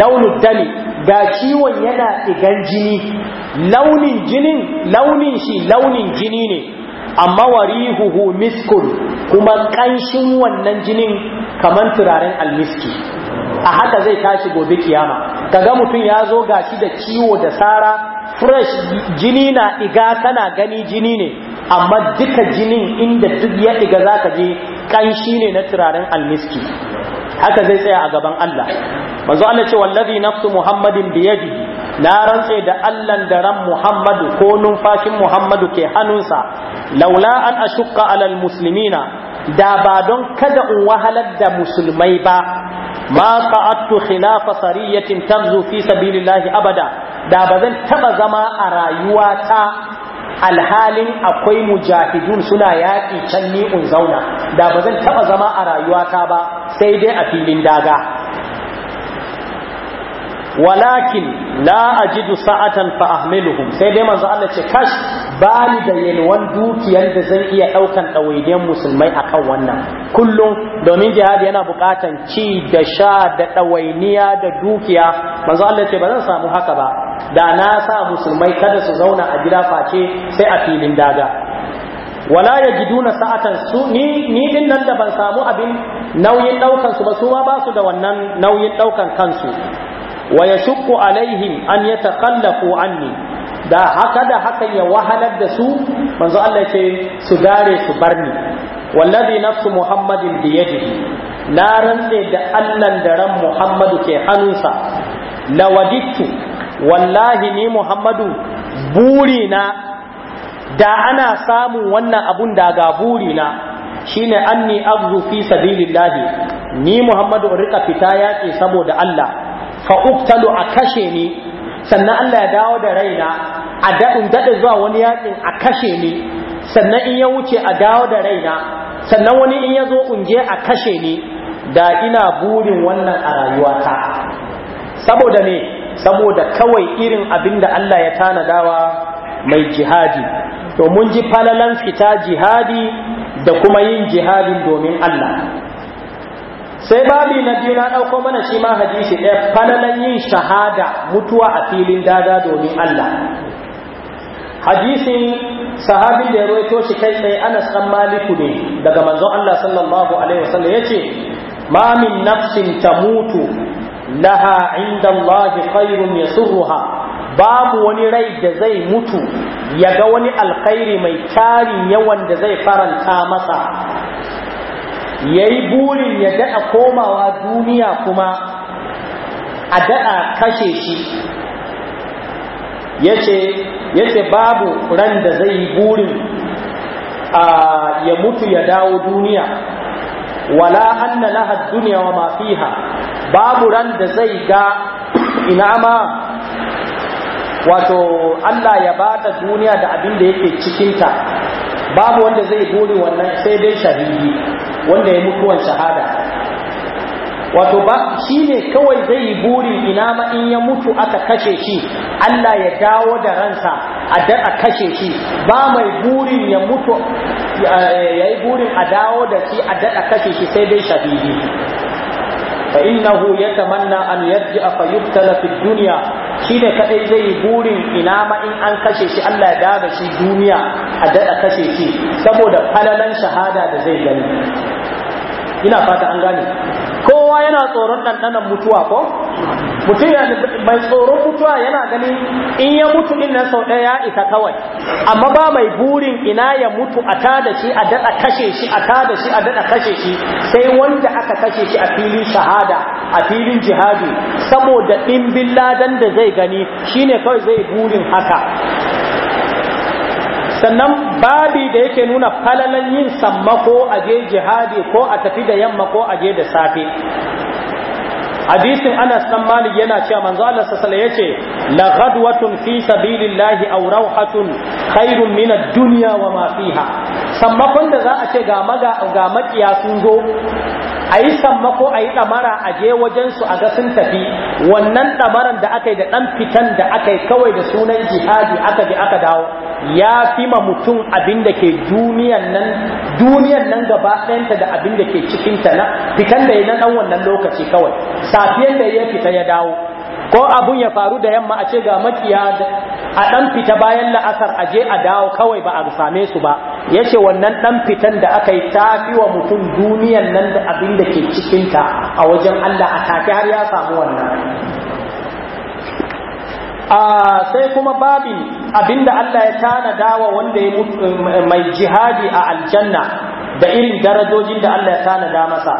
launu dali ga ciwon yana igan jini launin jinin launin shi launin jini ne amma warihuhu miskun kuma kanshin wannan jinin kaman turaren almiski a haka zai tashi gobe kiyama kaga mutum ya zo gashi da ciwo da sara fresh jini na iga kana gani jini ne amma duka jinin inda duk ya iga zaka je kanshi ne na turaren almiski haka zai tsaya a gaban Allah manzo Allah ce wallazi nafsu muhammadin biyadi na rantse da Allah da ran muhammadu ko numfashin muhammadu ke hannunsa laula an ashqa alal muslimina da ba don kada in wahalar da musulmai ba ma qa'attu khilafa sariyatin tabzu fi sabilillahi abada da ba zan taba zama a rayuwata alhalin akwai mujahidun suna yaƙi can ni in zauna da ba zan taɓa zama a rayuwata ba sai dai a filin daga walakin la ajidu sa'atan fa ahmiluhum sai dai manzo Allah ce kash bani da yalwan dukiyar da zan iya daukan ɗawainiyar musulmai akan wannan kullum domin jihadi yana buƙatan ci da sha da ɗawainiya da dukiya manzo Allah ce ba zan samu haka ba da na sa musulmai kada su zauna a gida face sai a filin daga wala ya sa'atan su ni ni din nan da ban samu abin nauyin daukan su ba su ma ba su da wannan nauyin daukan kansu wa yashqu alaihim an yatakhallaqu anni da haka da hakan ya wahalar da su manzo Allah ce su dare su barni wallazi nafsu muhammadin bi yadihi na rantse da Allah da ran Muhammadu ke hannunsa lawadittu wallahi ni Muhammadu burina da ana samun wannan abun da ga burina shine anni abzu fi sabilillahi ni Muhammadu rika fita yaƙi saboda Allah fa uktalu a kashe ni sannan Allah ya dawo da raina a daɗin daɗe zuwa wani yaƙin a kashe ni sannan in ya wuce a dawo da raina sannan wani in ya zo je a kashe ni da ina burin wannan a rayuwata saboda ne saboda kawai irin abin da Allah ya tanadawa mai jihadi to mun ji falalan fita jihadi da kuma yin jihadin domin Allah sai babi na biyu na ɗauko mana shi ma hadisi ɗaya falalan yin shahada mutuwa a filin dada domin Allah hadisin sahabin da ya roito shi kai tsaye Anas dan Maliku ne daga manzon Allah sallallahu alaihi wasallam yace ma min nafsin tamutu laha inda Allah khairun surruha, babu wani rai da zai mutu ya ga wani alkhairi mai tarin yawan da zai faranta masa yayi burin ya daɗa komawa duniya kuma a daɗa kashe shi yace babu ran da zai yi burin ya mutu ya dawo duniya wala anna laha duniya wa ma babu ran da zai ga ina ma wato Allah ya bata duniya da abin da yake cikinta babu wanda zai buri wannan sai dai shahidi wanda ya mutuwan shahada wato ba shi ne kawai zai yi burin ina ma in ya mutu aka kashe shi Allah ya dawo da ransa a dan kashe shi ba mai burin ya mutu ya yi burin a dawo da shi a daɗa kashe shi sai dai shahidi fa innahu yatamanna an a fa yuqtala duniya, dunya shine kadai zai yi burin ina ma in an kashe shi Allah ya dawo da shi duniya a daɗa a kashe shi saboda falalan shahada da zai gani ina fata an gane kowa yana tsoron ɗanɗanon mutuwa ko mutum ya mai tsoron mutuwa yana ganin in ya mutu din nan sau ɗaya ya isa kawai amma ba mai burin ina ya mutu a tada shi a daɗa kashe shi a tada shi a daɗa kashe shi sai wanda aka kashe shi a filin shahada a filin jihadi saboda ɗimbin ladan da zai gani shine kawai zai burin haka sannan babi da yake nuna falalan yin sammako a je jihadi ko a tafi da yamma ko a je da safe hadisin Anas dan Malik yana cewa manzo Allah sallallahu alaihi yace la ghadwatun fi sabilillahi aw rawhatun khairun min ad-dunya wa ma fiha sammakon da za a ce ga maga ga makiya sun zo a yi sammako a yi ɗamara a je wajensu a ga sun tafi wannan ɗamaran da aka yi da ɗan fitan da aka yi kawai da sunan jihadi aka bi aka dawo ya fi ma mutum abin da ke duniyan nan duniyan nan gaba ɗayanta da abin da ke cikinta na fitan da ya na ɗan wannan lokaci kawai safiyan da ya fita ya dawo ko abun ya faru da yamma a ce ga makiya a ɗan fita bayan la'asar a je a dawo kawai ba a same su ba yace wannan ɗan fitan da aka yi tafi wa mutum duniyan nan da abin da ke cikinta a wajen Allah a tafi har ya samu wannan sai kuma babin abinda Allah ya tana dawa wanda ya mai jihadi a aljanna da irin darajojin da Allah ya tanada masa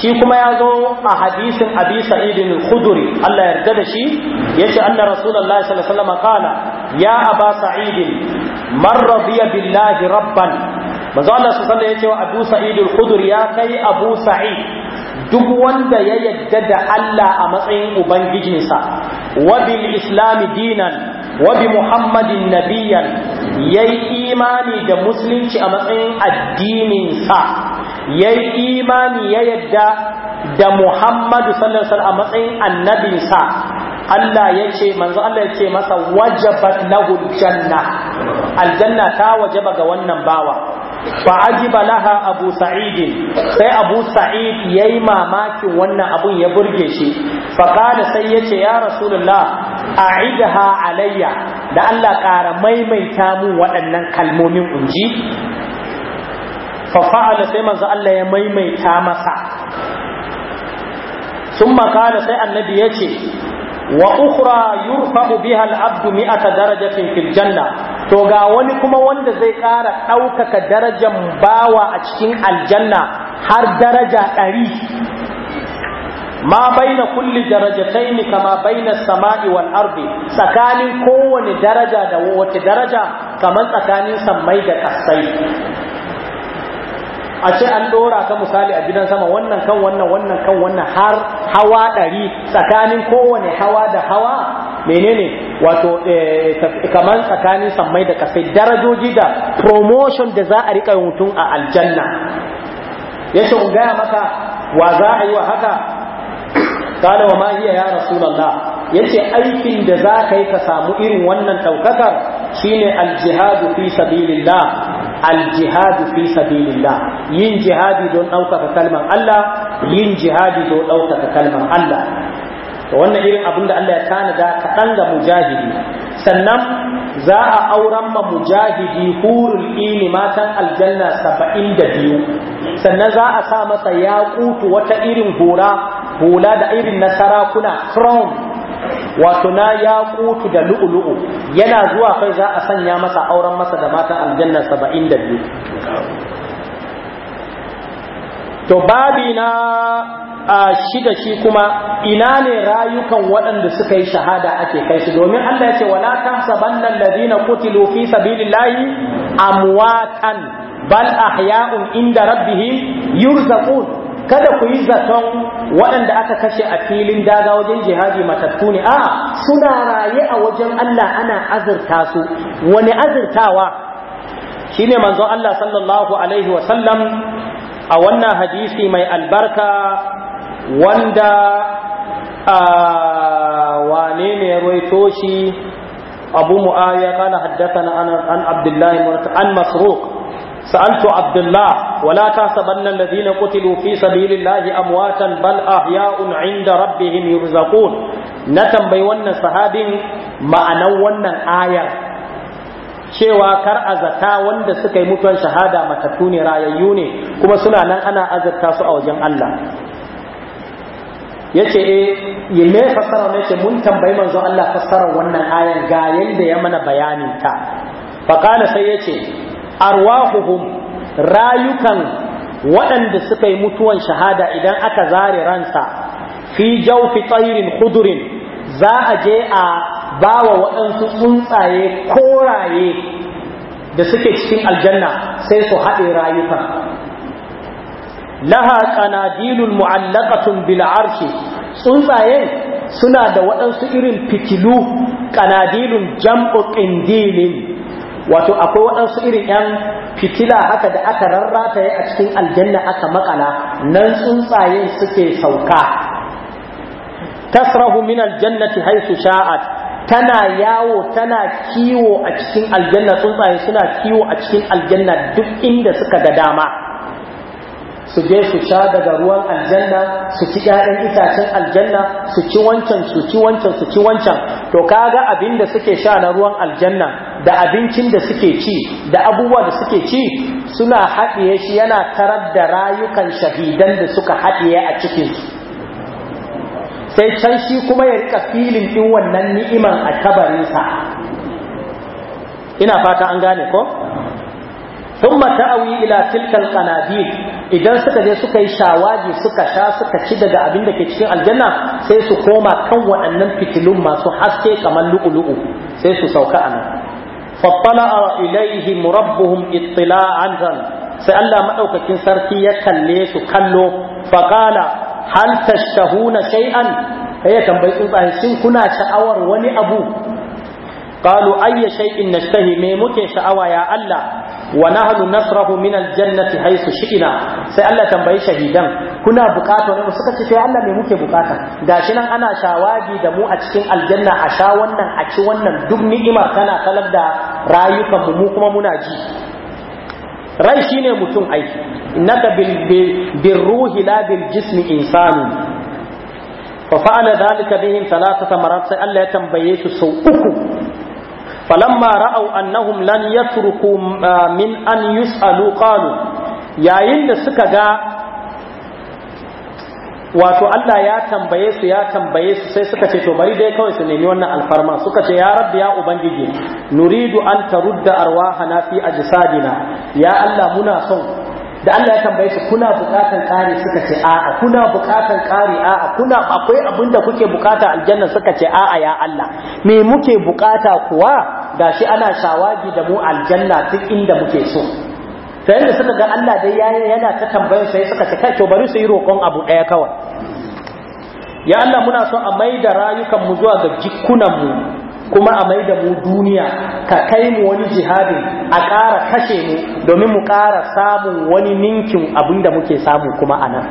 shi kuma ya zo a hadisin abi sa'id al Allah ya yarda da shi yace anna rasulullahi sallallahu alaihi wasallam qala ya aba sa'id man radiya billahi rabban manzo Allah sallallahu alaihi yace wa abu sa'id al ya kai abu sa'id duk wanda ya yarda da Allah a matsayin ubangijinsa wa bil islam dinan wa bi muhammadin nabiyyan yayi imani da musulunci a matsayin addinin sa yayi imani ya yadda da Muhammadu sallallahu a matsayin annabinsa. sa Allah ya ce manzo Allah ya ce masa wajabat lahu janna aljanna ta wajaba ga wannan bawa Abu فعجب لها أبو سعيد سي أبو سعيد ييما ماكي ونا أبو يبرجشي فقال sai yace ya rasulullah aidha Alayya. da Allah ƙara maimaita mu waɗannan kalmomin unji fafa'ala sai manzo Allah ya maimaita masa sun sai annabi yace ce wa ukhra yurfa'u biha al-abdu mi'ata darajatin fil janna to ga wani kuma wanda zai ƙara ɗaukaka darajar bawa a cikin aljanna har daraja ɗari ma baina kulli darajataini kama baina samai wal ardi tsakanin kowane daraja da wace daraja kamar tsakanin sammai da kasai a ce an dora ka misali a gidan sama wannan kan wannan wannan kan wannan har hawa ɗari tsakanin kowane hawa da hawa menene wato kamar tsakanin sammai da kasai darajoji da promotion da za a riƙa mutum a aljanna ya ce gaya maka wa za a yi wa haka kala wa mahiya ya ya yace aikin da za ka yi ka samu irin wannan ɗaukakar shine aljihadu fi sabilillah aljihadu fi sabilillah yin jihadi don ɗaukaka kalman Allah yin jihadi don ɗaukaka kalman Allah to wannan irin abin da Allah ya tanada kaɗan ga mujahidi sannan za a auren ma mujahidi hurul ini matan aljanna saba'in da biyu sannan za a sa masa yaƙutu wata irin hula hula da irin na sarakuna crown wato na ya kutu da lu'ulu'u yana zuwa kai za a sanya masa auren masa da matan aljanna saba'in da biyu to babi na shida shi kuma ina ne rayukan waɗanda suka yi shahada ake kai su domin Allah ya ce wala tahsabanna alladhina qutilu fi sabilillahi amwatan bal ahya'un inda rabbihim yurzaqun kada ku yi zaton waɗanda aka kashe a filin daga wajen jihadi matattu ne a suna raye a wajen Allah ana azurta su wani azurtawa shine manzon Allah sallallahu alaihi wa sallam a wannan hadisi mai albarka wanda a wane ne roito shi abu mu'ayya kana haddathana an abdullahi an masruq sa'altu abdullah wala tasabanna alladhina qutilu fi sabilillahi amwatan bal ahya'un 'inda rabbihim yurzaqun na tambayi wannan sahabin ma'anan wannan ayar cewa kar a azata wanda suka yi mutuwan shahada matattu ne rayayyu ne kuma suna nan ana azata su a wajen Allah yace eh ya mai fassara ne ce mun tambayi manzo Allah fassara wannan ayan ga yanda ya mana bayanin ta fa kana sai yace arwahuhum rayukan waɗanda suka yi mutuwan shahada idan aka zare ransa fi jawfi tsairin hudurin za a je a bawa waɗansu tsuntsaye koraye da suke cikin aljanna sai su haɗe rayukan laha qanadilul mu'allaqatun bil arshi tsuntsayen suna da waɗansu irin fitilu kanadilun jam'u qindilin wato akwai waɗansu irin yan fitila haka da aka rarrata a cikin aljanna aka makala nan tsuntsayen suke sauka tasrahu min aljannati haythu sha'at tana yawo tana kiwo a cikin aljanna tsuntsaye suna kiwo a cikin aljanna duk inda suka ga dama su je su sha daga ruwan aljanna su ci ƴaƴan itacen aljanna su ci wancan su ci wancan su ci wancan to kaga abin da suke sha na ruwan aljanna da abincin da suke ci da abubuwa da suke ci suna haɗiye shi yana tarar da rayukan shahidan da suka haɗiye a cikin sai can shi kuma ya rika filin ɗin wannan ni'iman a kabarinsa ina fata an gane ko ثم تأوي إلى تلك القناديل idan suka je suka yi shawagi suka sha suka ci daga abin da ke cikin aljanna sai su koma kan waɗannan fitilun masu haske kamar lu'ulu'u sai su sauka a nan fattala ilaihim rabbuhum ittila'an sai Allah madaukakin sarki ya kalle su kallo faqala hal tashahuna shay'an sai ya tambayi tsuntsaye shin kuna sha'awar wani abu qalu ayya shay'in nashtahi me muke sha'awa ya Allah wa nahnu nasrahu min aljannati haythu shi'na sai Allah tambayi shahidan kuna bukata ne suka ce ya Allah me muke bukata gashi nan ana shawabi da mu a cikin aljanna a sha wannan a ci wannan duk ni'imar tana kalar da rayukanmu mu kuma muna ji rai shine mutum ai innaka bil ruhi la bil jismi insanu fa fa'ala dhalika bihim thalathata marat sai Allah ya tambaye su sau uku falamma ra'aw annahum lan yatruku uh, min an yus'alu qalu yayin da suka ga wato Allah ya tambaye su ya tambaye su sai suka ce to bari dai kawai su nemi wannan alfarma suka ce ya rabbi ya ubangiji nuridu an tarudda arwahana fi ajsadina ya Allah muna son da Allah ya tambaye su kuna bukatan kare suka ce a'a kuna bukatan kare a'a kuna akwai abinda kuke bukata aljanna suka ce a'a ya Allah me muke bukata kuwa gashi ana shawagi da mu aljanna duk inda muke so ta yadda suka ga Allah dai yana ta tambayar sai suka ce kai to bari su yi roƙon abu ɗaya kawai ya Allah muna so a mai da rayukan mu zuwa ga jikunan mu kuma a mai da mu duniya ka kai mu wani jihadi a ƙara kashe mu domin mu ƙara samun wani ninkin abin da muke samu kuma a nan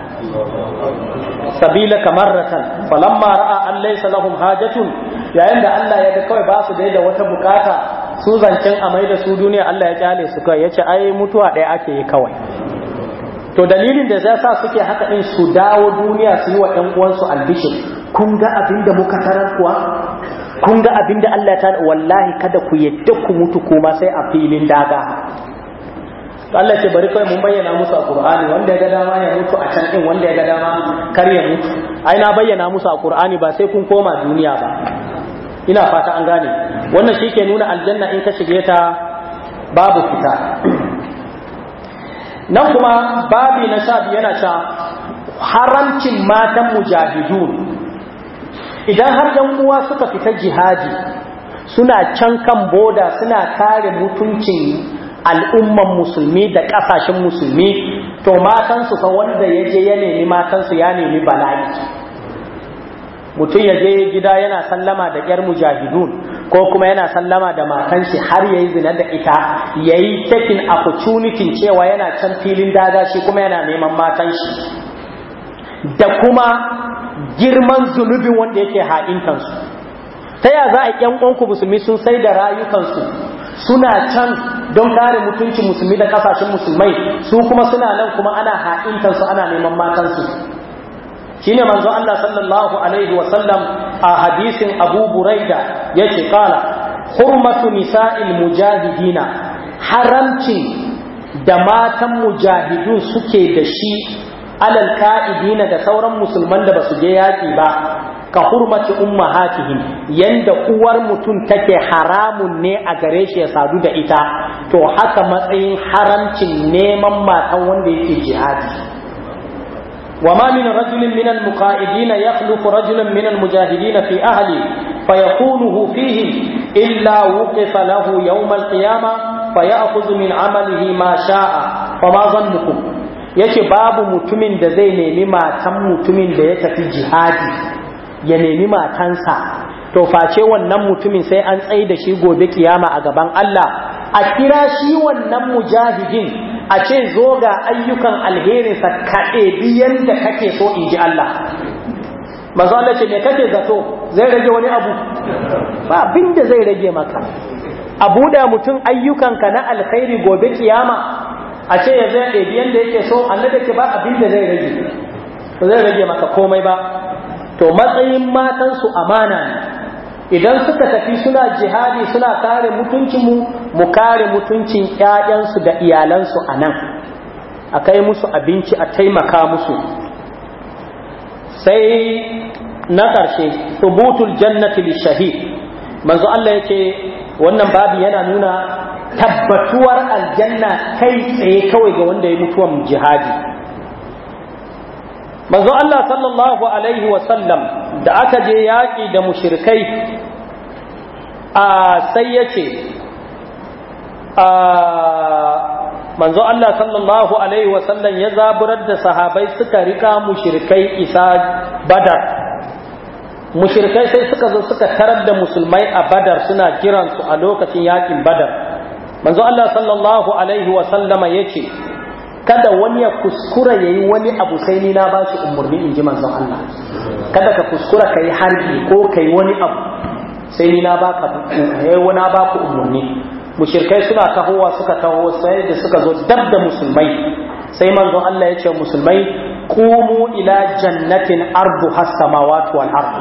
sabilaka marratan falamma ra'a an laysa lahum hajatun yayin da Allah ya ga kawai ba su da wata bukata su zancen amai da su duniya Allah ya kyale su kai yace ai mutuwa ɗaya ake yi kawai to dalilin da zai sa suke haka din su dawo duniya su yi wa ɗan uwansu albishir kun ga abinda muka tarar kuwa kun ga abin da Allah ta wallahi kada ku yadda ku mutu kuma sai a filin daga Allah ce bari kawai mun bayyana musu a Qur'ani wanda ya ga dama ya mutu a can din wanda ya ga dama kar ya mutu ai na bayyana musu a Qur'ani ba sai kun koma duniya ba ina fata an gane wannan shi ke nuna aljanna in ka shige ta babu fita nan kuma babi na sha yana ta haramcin matan mujahidun idan har yan uwa suka fita jihadi suna can kan boda suna kare mutuncin al'umman musulmi da ƙasashen musulmi to matansu fa wanda ya je ya nemi matansu ya nemi bala'i mutum ya je gida yana sallama da ƴar mujahidun ko kuma yana sallama da matansu har ya yi zina da ita ya yi a opportunity cewa yana can filin dada shi kuma yana neman matansu da kuma girman zunubin wanda yake ha'intansu ta ya za a ƙyan uwanku musulmi sun sai da rayukansu suna can don kare mutuncin musulmi da kasashen musulmai su kuma suna nan kuma ana ha'intansu ana neman matansu ne manzo Allah sallallahu alaihi Wasallam a hadisin Abu Buraida ce kala hurmatu nisa'il mujahidina haramcin da matan mujahidun suke da shi alal ka'idina da sauran musulman da basu je yaƙi ba ka hurmati ummahatihim yanda uwar mutum take haramun ne a gare shi ya sadu da ita to haka matsayin haramcin neman matan wanda yake jihadi wa ma min rajulin min al-muqa'idina yakhluqu rajulan min al-mujahidin fi ahli fayaquluhu fihi illa wuqifa lahu yawm al-qiyamah fayakhudhu min amalihi ma sha'a fama zannukum yace babu mutumin da zai nemi matan mutumin da ya tafi jihadi ya nemi matansa to face wannan mutumin sai an tsaye da shi gobe kiyama a gaban Allah a kira shi wannan mujahidin a ce zo ga ayyukan alherinsa kaɗe biyan da kake so in ji Allah masu Allah ce mai kake zato zai rage wani abu ba abin da zai rage maka a buɗa mutum ayyukanka na alkhairi gobe kiyama a ce ya zai biyan da yake so da ce ba abin da zai rage zai rage maka komai ba to matsayin matansu amana ne idan suka tafi suna jihadi suna kare mutuncinmu mu kare mutuncin ‘ya'yansu da iyalansu a nan a kai musu abinci a taimaka musu sai na ƙarshe rubutul jannati lishahid manzo Allah yake wannan babu yana nuna tabbatuwar aljanna kai tsaye kawai ga wanda ya mu jihadi manzo Allah sallallahu alaihi wasallam da aka je yaƙi da mushirkai a sai ya ce manzo Allah sallallahu alaihi wasallam ya zaburar da sahabai suka rika mushirkai isa badar mushirkai sai suka zo suka tarar da musulmai a badar suna kiransu a lokacin yaƙin badar manzo Allah sallallahu alaihi wasallama ya ce kada wani ya kuskura ya yi wani abu sai ni na ba shi umarni in ji manzon Allah kada ka kuskura ka yi harbi ko ka yi wani abu sai ni na ba eh, umarni mushirkai suna tahowa suka taho sai da suka zo dab da musulmai sai manzon Allah ya ce musulmai qumu ila jannatin ardu has-samawati wal ard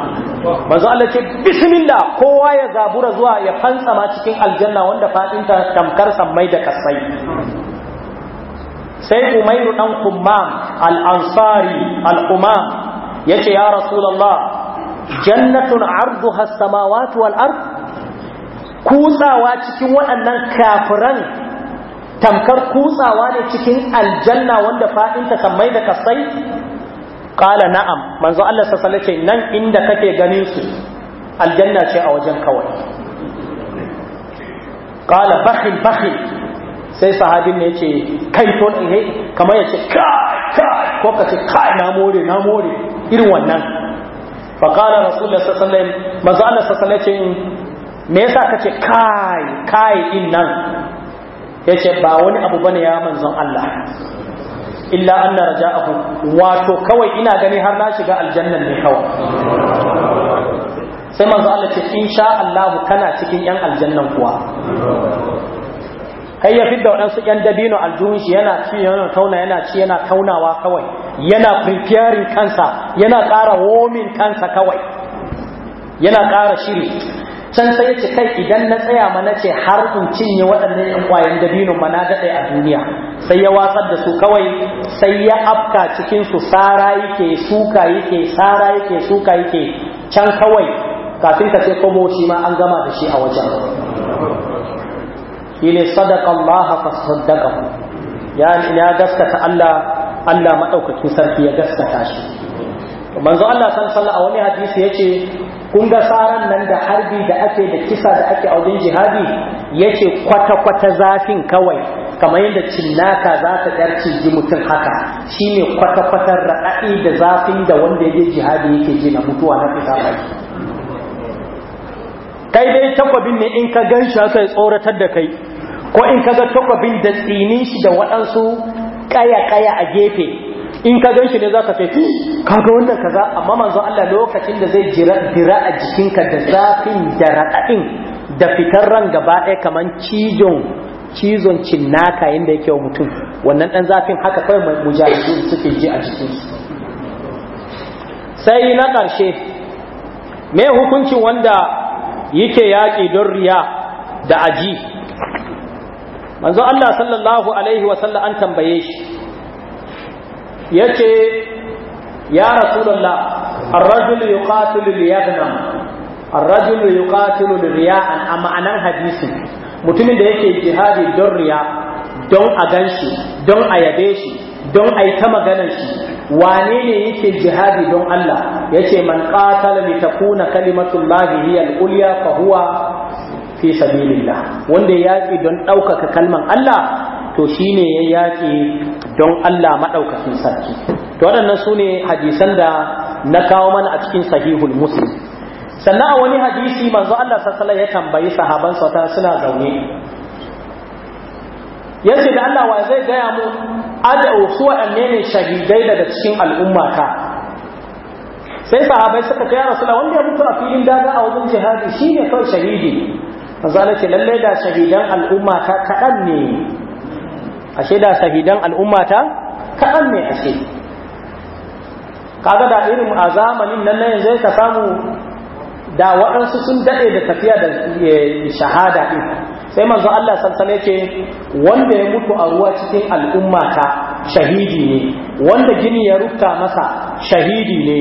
manzon Allah ce bismillah kowa ya zabura zuwa ya fantsama cikin aljanna wanda fadin ta tamkar samai da kasai sai umairu dan kummam al-ansari al-umam yace ya rasulullah jannatun arduha as-samawati wal ard kutsawa cikin waɗannan kafiran tamkar kutsawa ne cikin aljanna wanda fadinta sammai da kasai qala na'am manzo Allah sallallahu alaihi nan inda kake ganin su aljanna ce a wajen kawai qala bakhil bakhil sai sahabin ne ce kai to ne kamar ya ce ka ka ko ka ce ka na more na more irin wannan fa qala rasulullahi sallallahu alaihi wasallam maza Allah sallallahu alaihi wasallam me yasa kace kai kai din nan yace ba wani abu bane ya manzon Allah illa anna raja'ahu wato kawai ina gani har na shiga aljannan ne kawai sai manzo Allah ce insha Allah kana cikin yan aljannan kuwa kai ya fidda waɗansu yan dabino aljuhunshi yana ci yana tauna yana ci yana taunawa kawai yana preparing kansa yana kara womin kansa kawai yana ƙara shiri can sai yace kai idan na tsaya ma ce har in cinye waɗannan yan ƙwayan dabino ma na daɗe a duniya sai ya watsar da su kawai sai ya afka cikinsu su sara yake suka yake sara yake suka yake can kawai kafin ka ce komo shi ma an gama da shi a wajen shi ne sadaqallaha fasaddaqahu ya ya gaskata Allah Allah madaukakin sarki ya gaskata shi manzo Allah sallallahu alaihi a wani hadisi yace kun ga tsaran nan da harbi da ake da kisa da ake a jihadi yace kwata kwata zafin kawai kamar yadda cinnaka za ta yarci ji mutum haka shine kwata kwata raɗaɗi da zafin da wanda ya je jihadi yake ji na mutuwa na fita bai kai dai takwabin ne in ka gan shi haka ya tsoratar da kai ko in ka ga takwabin da tsinin shi da waɗansu kaya-kaya a gefe in ka gan shi ne za ka ga wanda wannan kaza amma manzon Allah lokacin da zai jira a jikinka da zafin da raɗaɗin da fitar ran gaba ɗaya kamar cizon cizon cinnaka yadda yake wa mutum wannan dan zafin haka kawai mujahidu suke ji a su. sai na ƙarshe me hukuncin wanda yake yaƙi don riya da aji manzo Allah sallallahu alaihi wasallam an tambaye shi yace ya rasulullah ar-rajulu yuqatilu liyagnam ar-rajulu yuqatilu liriya'an amma anan hadisi mutumin da yake jihadi don riya don a ganshi don a yabe shi don a yi ta maganar shi wane ne yake jihadi don Allah yace man qatala li takuna llahi hiya al-ulya fa huwa fi sabilillah wanda ya yaki don ɗaukaka kalman Allah to shine ya don Allah madaukakin sarki to waɗannan sune hadisan da na kawo mana a cikin sahihul muslim sannan a wani hadisi manzo Allah sallallahu ya tambayi sahaban sa suna zaune yace da Allah wa zai gaya mu Ada su waɗanne ne shahidai daga cikin al'umma ka sai sahabai suka kai rasula wanda ya mutu a filin daga a wajen jihadi shine kawai shahidi manzo Allah ce lalle da shahidan al'umma kaɗan ne ashe da shahidan al'umma ta kaɗan ne ashe kaga da irin a zamanin nan nan zai ka samu da waɗansu sun daɗe da tafiya da eh, shahada ɗin sai manzon Allah sansan yake wanda ya mutu a ruwa cikin al'ummata shahidi ne wanda gini ya rufta masa shahidi ne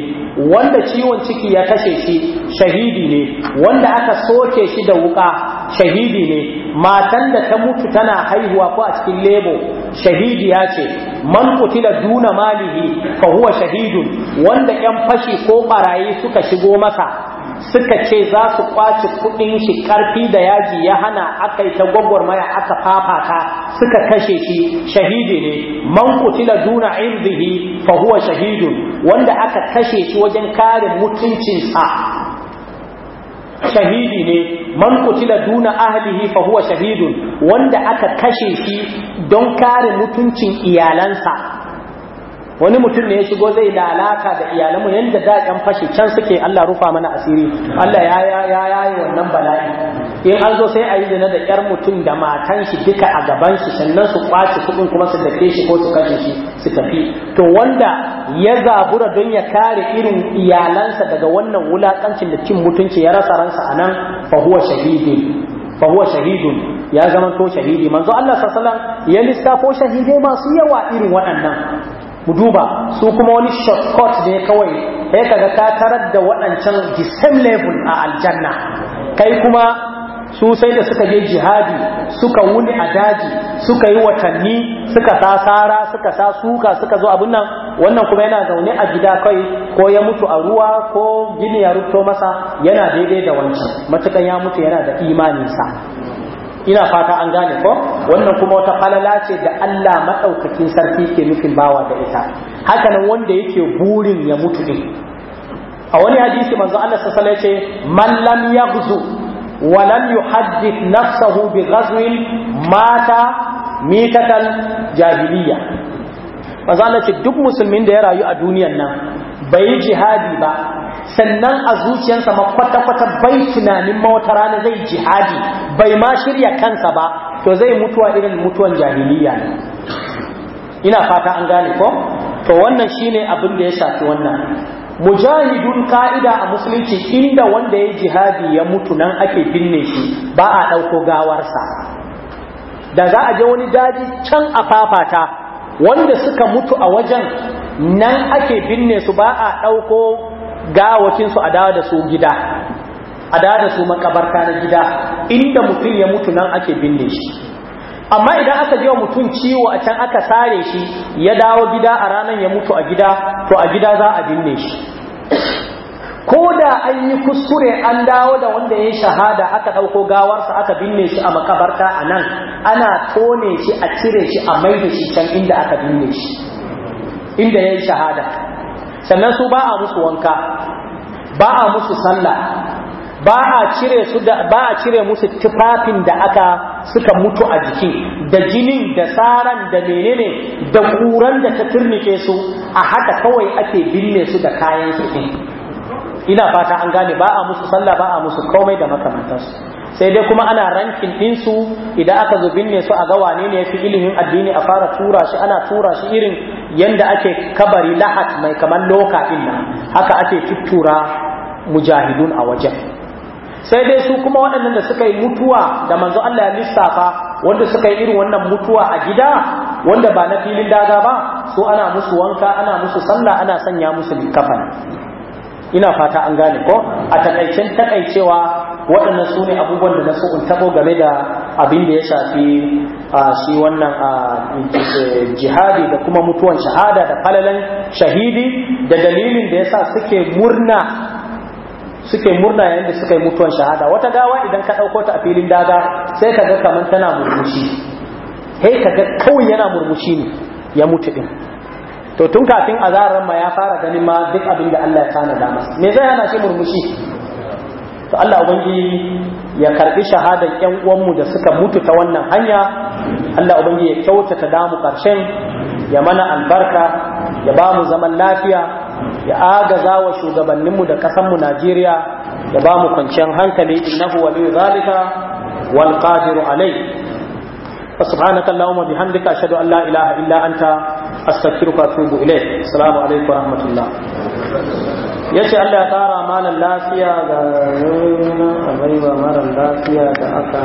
wanda ciwon ciki ya kashe shi shahidi ne wanda aka soke shi da wuka shahidi ne matan da ta mutu tana haihuwa ko a cikin lebo shahidi ya ce man kutila duna malihi fa huwa shahidun wanda yan fashi ko barayi suka shigo masa suka ce za su kwace kudin shi karfi da yaji ya hana aka yi ta maya aka fafata suka kashe shi shahidi ne man kutila duna irzihi fa huwa shahidun wanda aka kashe shi wajen kare mutuncinsa shahidi ne man kutila duna ahlihi fa huwa shahidun wanda aka kashe shi don kare mutuncin iyalansa wani mutum ne ya shigo zai lalata da iyalanmu yadda da yan fashe can suke Allah rufa mana asiri Allah ya ya ya wannan bala'i in an zo sai a yi zina da yar mutum da matan shi duka a gaban shi sannan su kwace kuɗin kuma su dake shi ko su kashe shi su tafi to wanda ya zabura don ya kare irin iyalansa daga wannan wulakancin da cin mutunci ya rasa ransa anan fa huwa shahidi fa huwa shahidun ya zama to shahidi manzo Allah sallallahu alaihi wasallam ya lissafo shahidai masu yawa irin waɗannan mu duba su kuma wani shortcut ne kawai ya kaga ka tarar da waɗancan the same level a aljanna kai kuma su sai da suka je jihadi suka wuni a daji suka yi watanni suka sa sara suka sa suka suka zo abin nan wannan kuma yana zaune a gida kai ko ya mutu a ruwa ko gini ya rufto masa yana daidai da wancan matukan ya mutu yana da imaninsa ina fata an gane ko wannan kuma wata falala ce da Allah maɗaukakin sarki ke nufin bawa da ita haka nan wanda yake burin ya mutu din a wani hadisi manzo Allah sallallahu alaihi wasallam ya ce man lam yaghzu wa lam yuhaddith nafsahu bi ghazwin mata mitatan jahiliya manzo Allah ce duk musulmin da ya rayu a duniyar nan bai jihadi ba sannan a zuciyarsa ma kwata-kwata bai tunanin mawata rana zai jihadi bai ma shirya kansa ba to zai mutuwa irin mutuwan jahiliya ne ina fata an gane ko to wannan shine abin da ya shafi wannan mujahidun ka'ida a musulunci inda wanda ya jihadi ya mutu nan ake binne shi ba a ɗauko gawarsa da za a je wani daji can a fafata wanda suka mutu a wajen nan ake binne su ba a ɗauko gawacinsu a dawo da su gida a dawo da su makabarta na gida inda mutum ya mutu nan ake binne shi amma idan aka ji wa mutum ciwo a can aka sare shi ya dawo gida a ranar ya mutu a gida to a gida za a binne shi ko da an yi kuskure an dawo da wanda ya shahada aka ɗauko gawarsa aka binne shi a makabarta a nan ana tone shi a cire shi a maida shi can inda aka binne shi inda ya shahada sannan su ba a musu wanka ba a musu sallah ba a cire su ba a cire musu tufafin da aka suka mutu a jiki da jinin da saran da menene da kuran da ta turnike su a haka kawai ake binne su da kayan su ina fata an gane ba a musu sallah ba a musu komai da makamantansu sai dai kuma ana rankin ɗinsu idan aka zo binne su a ga wane ne fi ilimin addini a fara tura shi ana tura shi irin yanda ake kabari lahat mai kamar loka ɗin haka ake tura mujahidun a wajen sai dai su kuma waɗannan da suka yi mutuwa da manzo Allah ya lissafa wanda suka yi irin wannan mutuwa a gida wanda ba na filin daga ba su ana musu wanka ana musu sallah ana sanya musu kafan ina fata an gane ko a takaicen takaicewa waɗannan su ne abubuwan da na so in tabo game da abin da ya shafi a shi wannan jihadi da kuma mutuwan shahada da falalan shahidi da dalilin da yasa suke murna suke murna yayin da suka yi mutuwan shahada wata gawa idan ka ɗauko ta a filin daga sai ka ga kamar tana murmushi sai ka ga kawai yana murmushi ne ya mutu ɗin. to tun kafin a zarar ma ya fara ganin ma duk abin da Allah ya tana da masa me zai hana shi murmushi to Allah ubangiji ya karbi shahadar ƴan uwanmu da suka mutu ta wannan hanya Allah ubangiji ya kyautata damu karshen ya mana albarka ya ba mu zaman lafiya ya agaza wa shugabanninmu da ƙasanmu Najeriya ya ba mu kwanciyar hankali innahu waliyu zalika wal qadiru alai فسبحانك اللهم وبحمدك أشهد أن لا إله إلا أنت أستغفرك وأتوب إليك السلام عليكم ورحمة الله yace Allah ya tsara malar lafiya ga nuna a baiwa lafiya da aka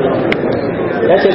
[LAUGHS] ya ce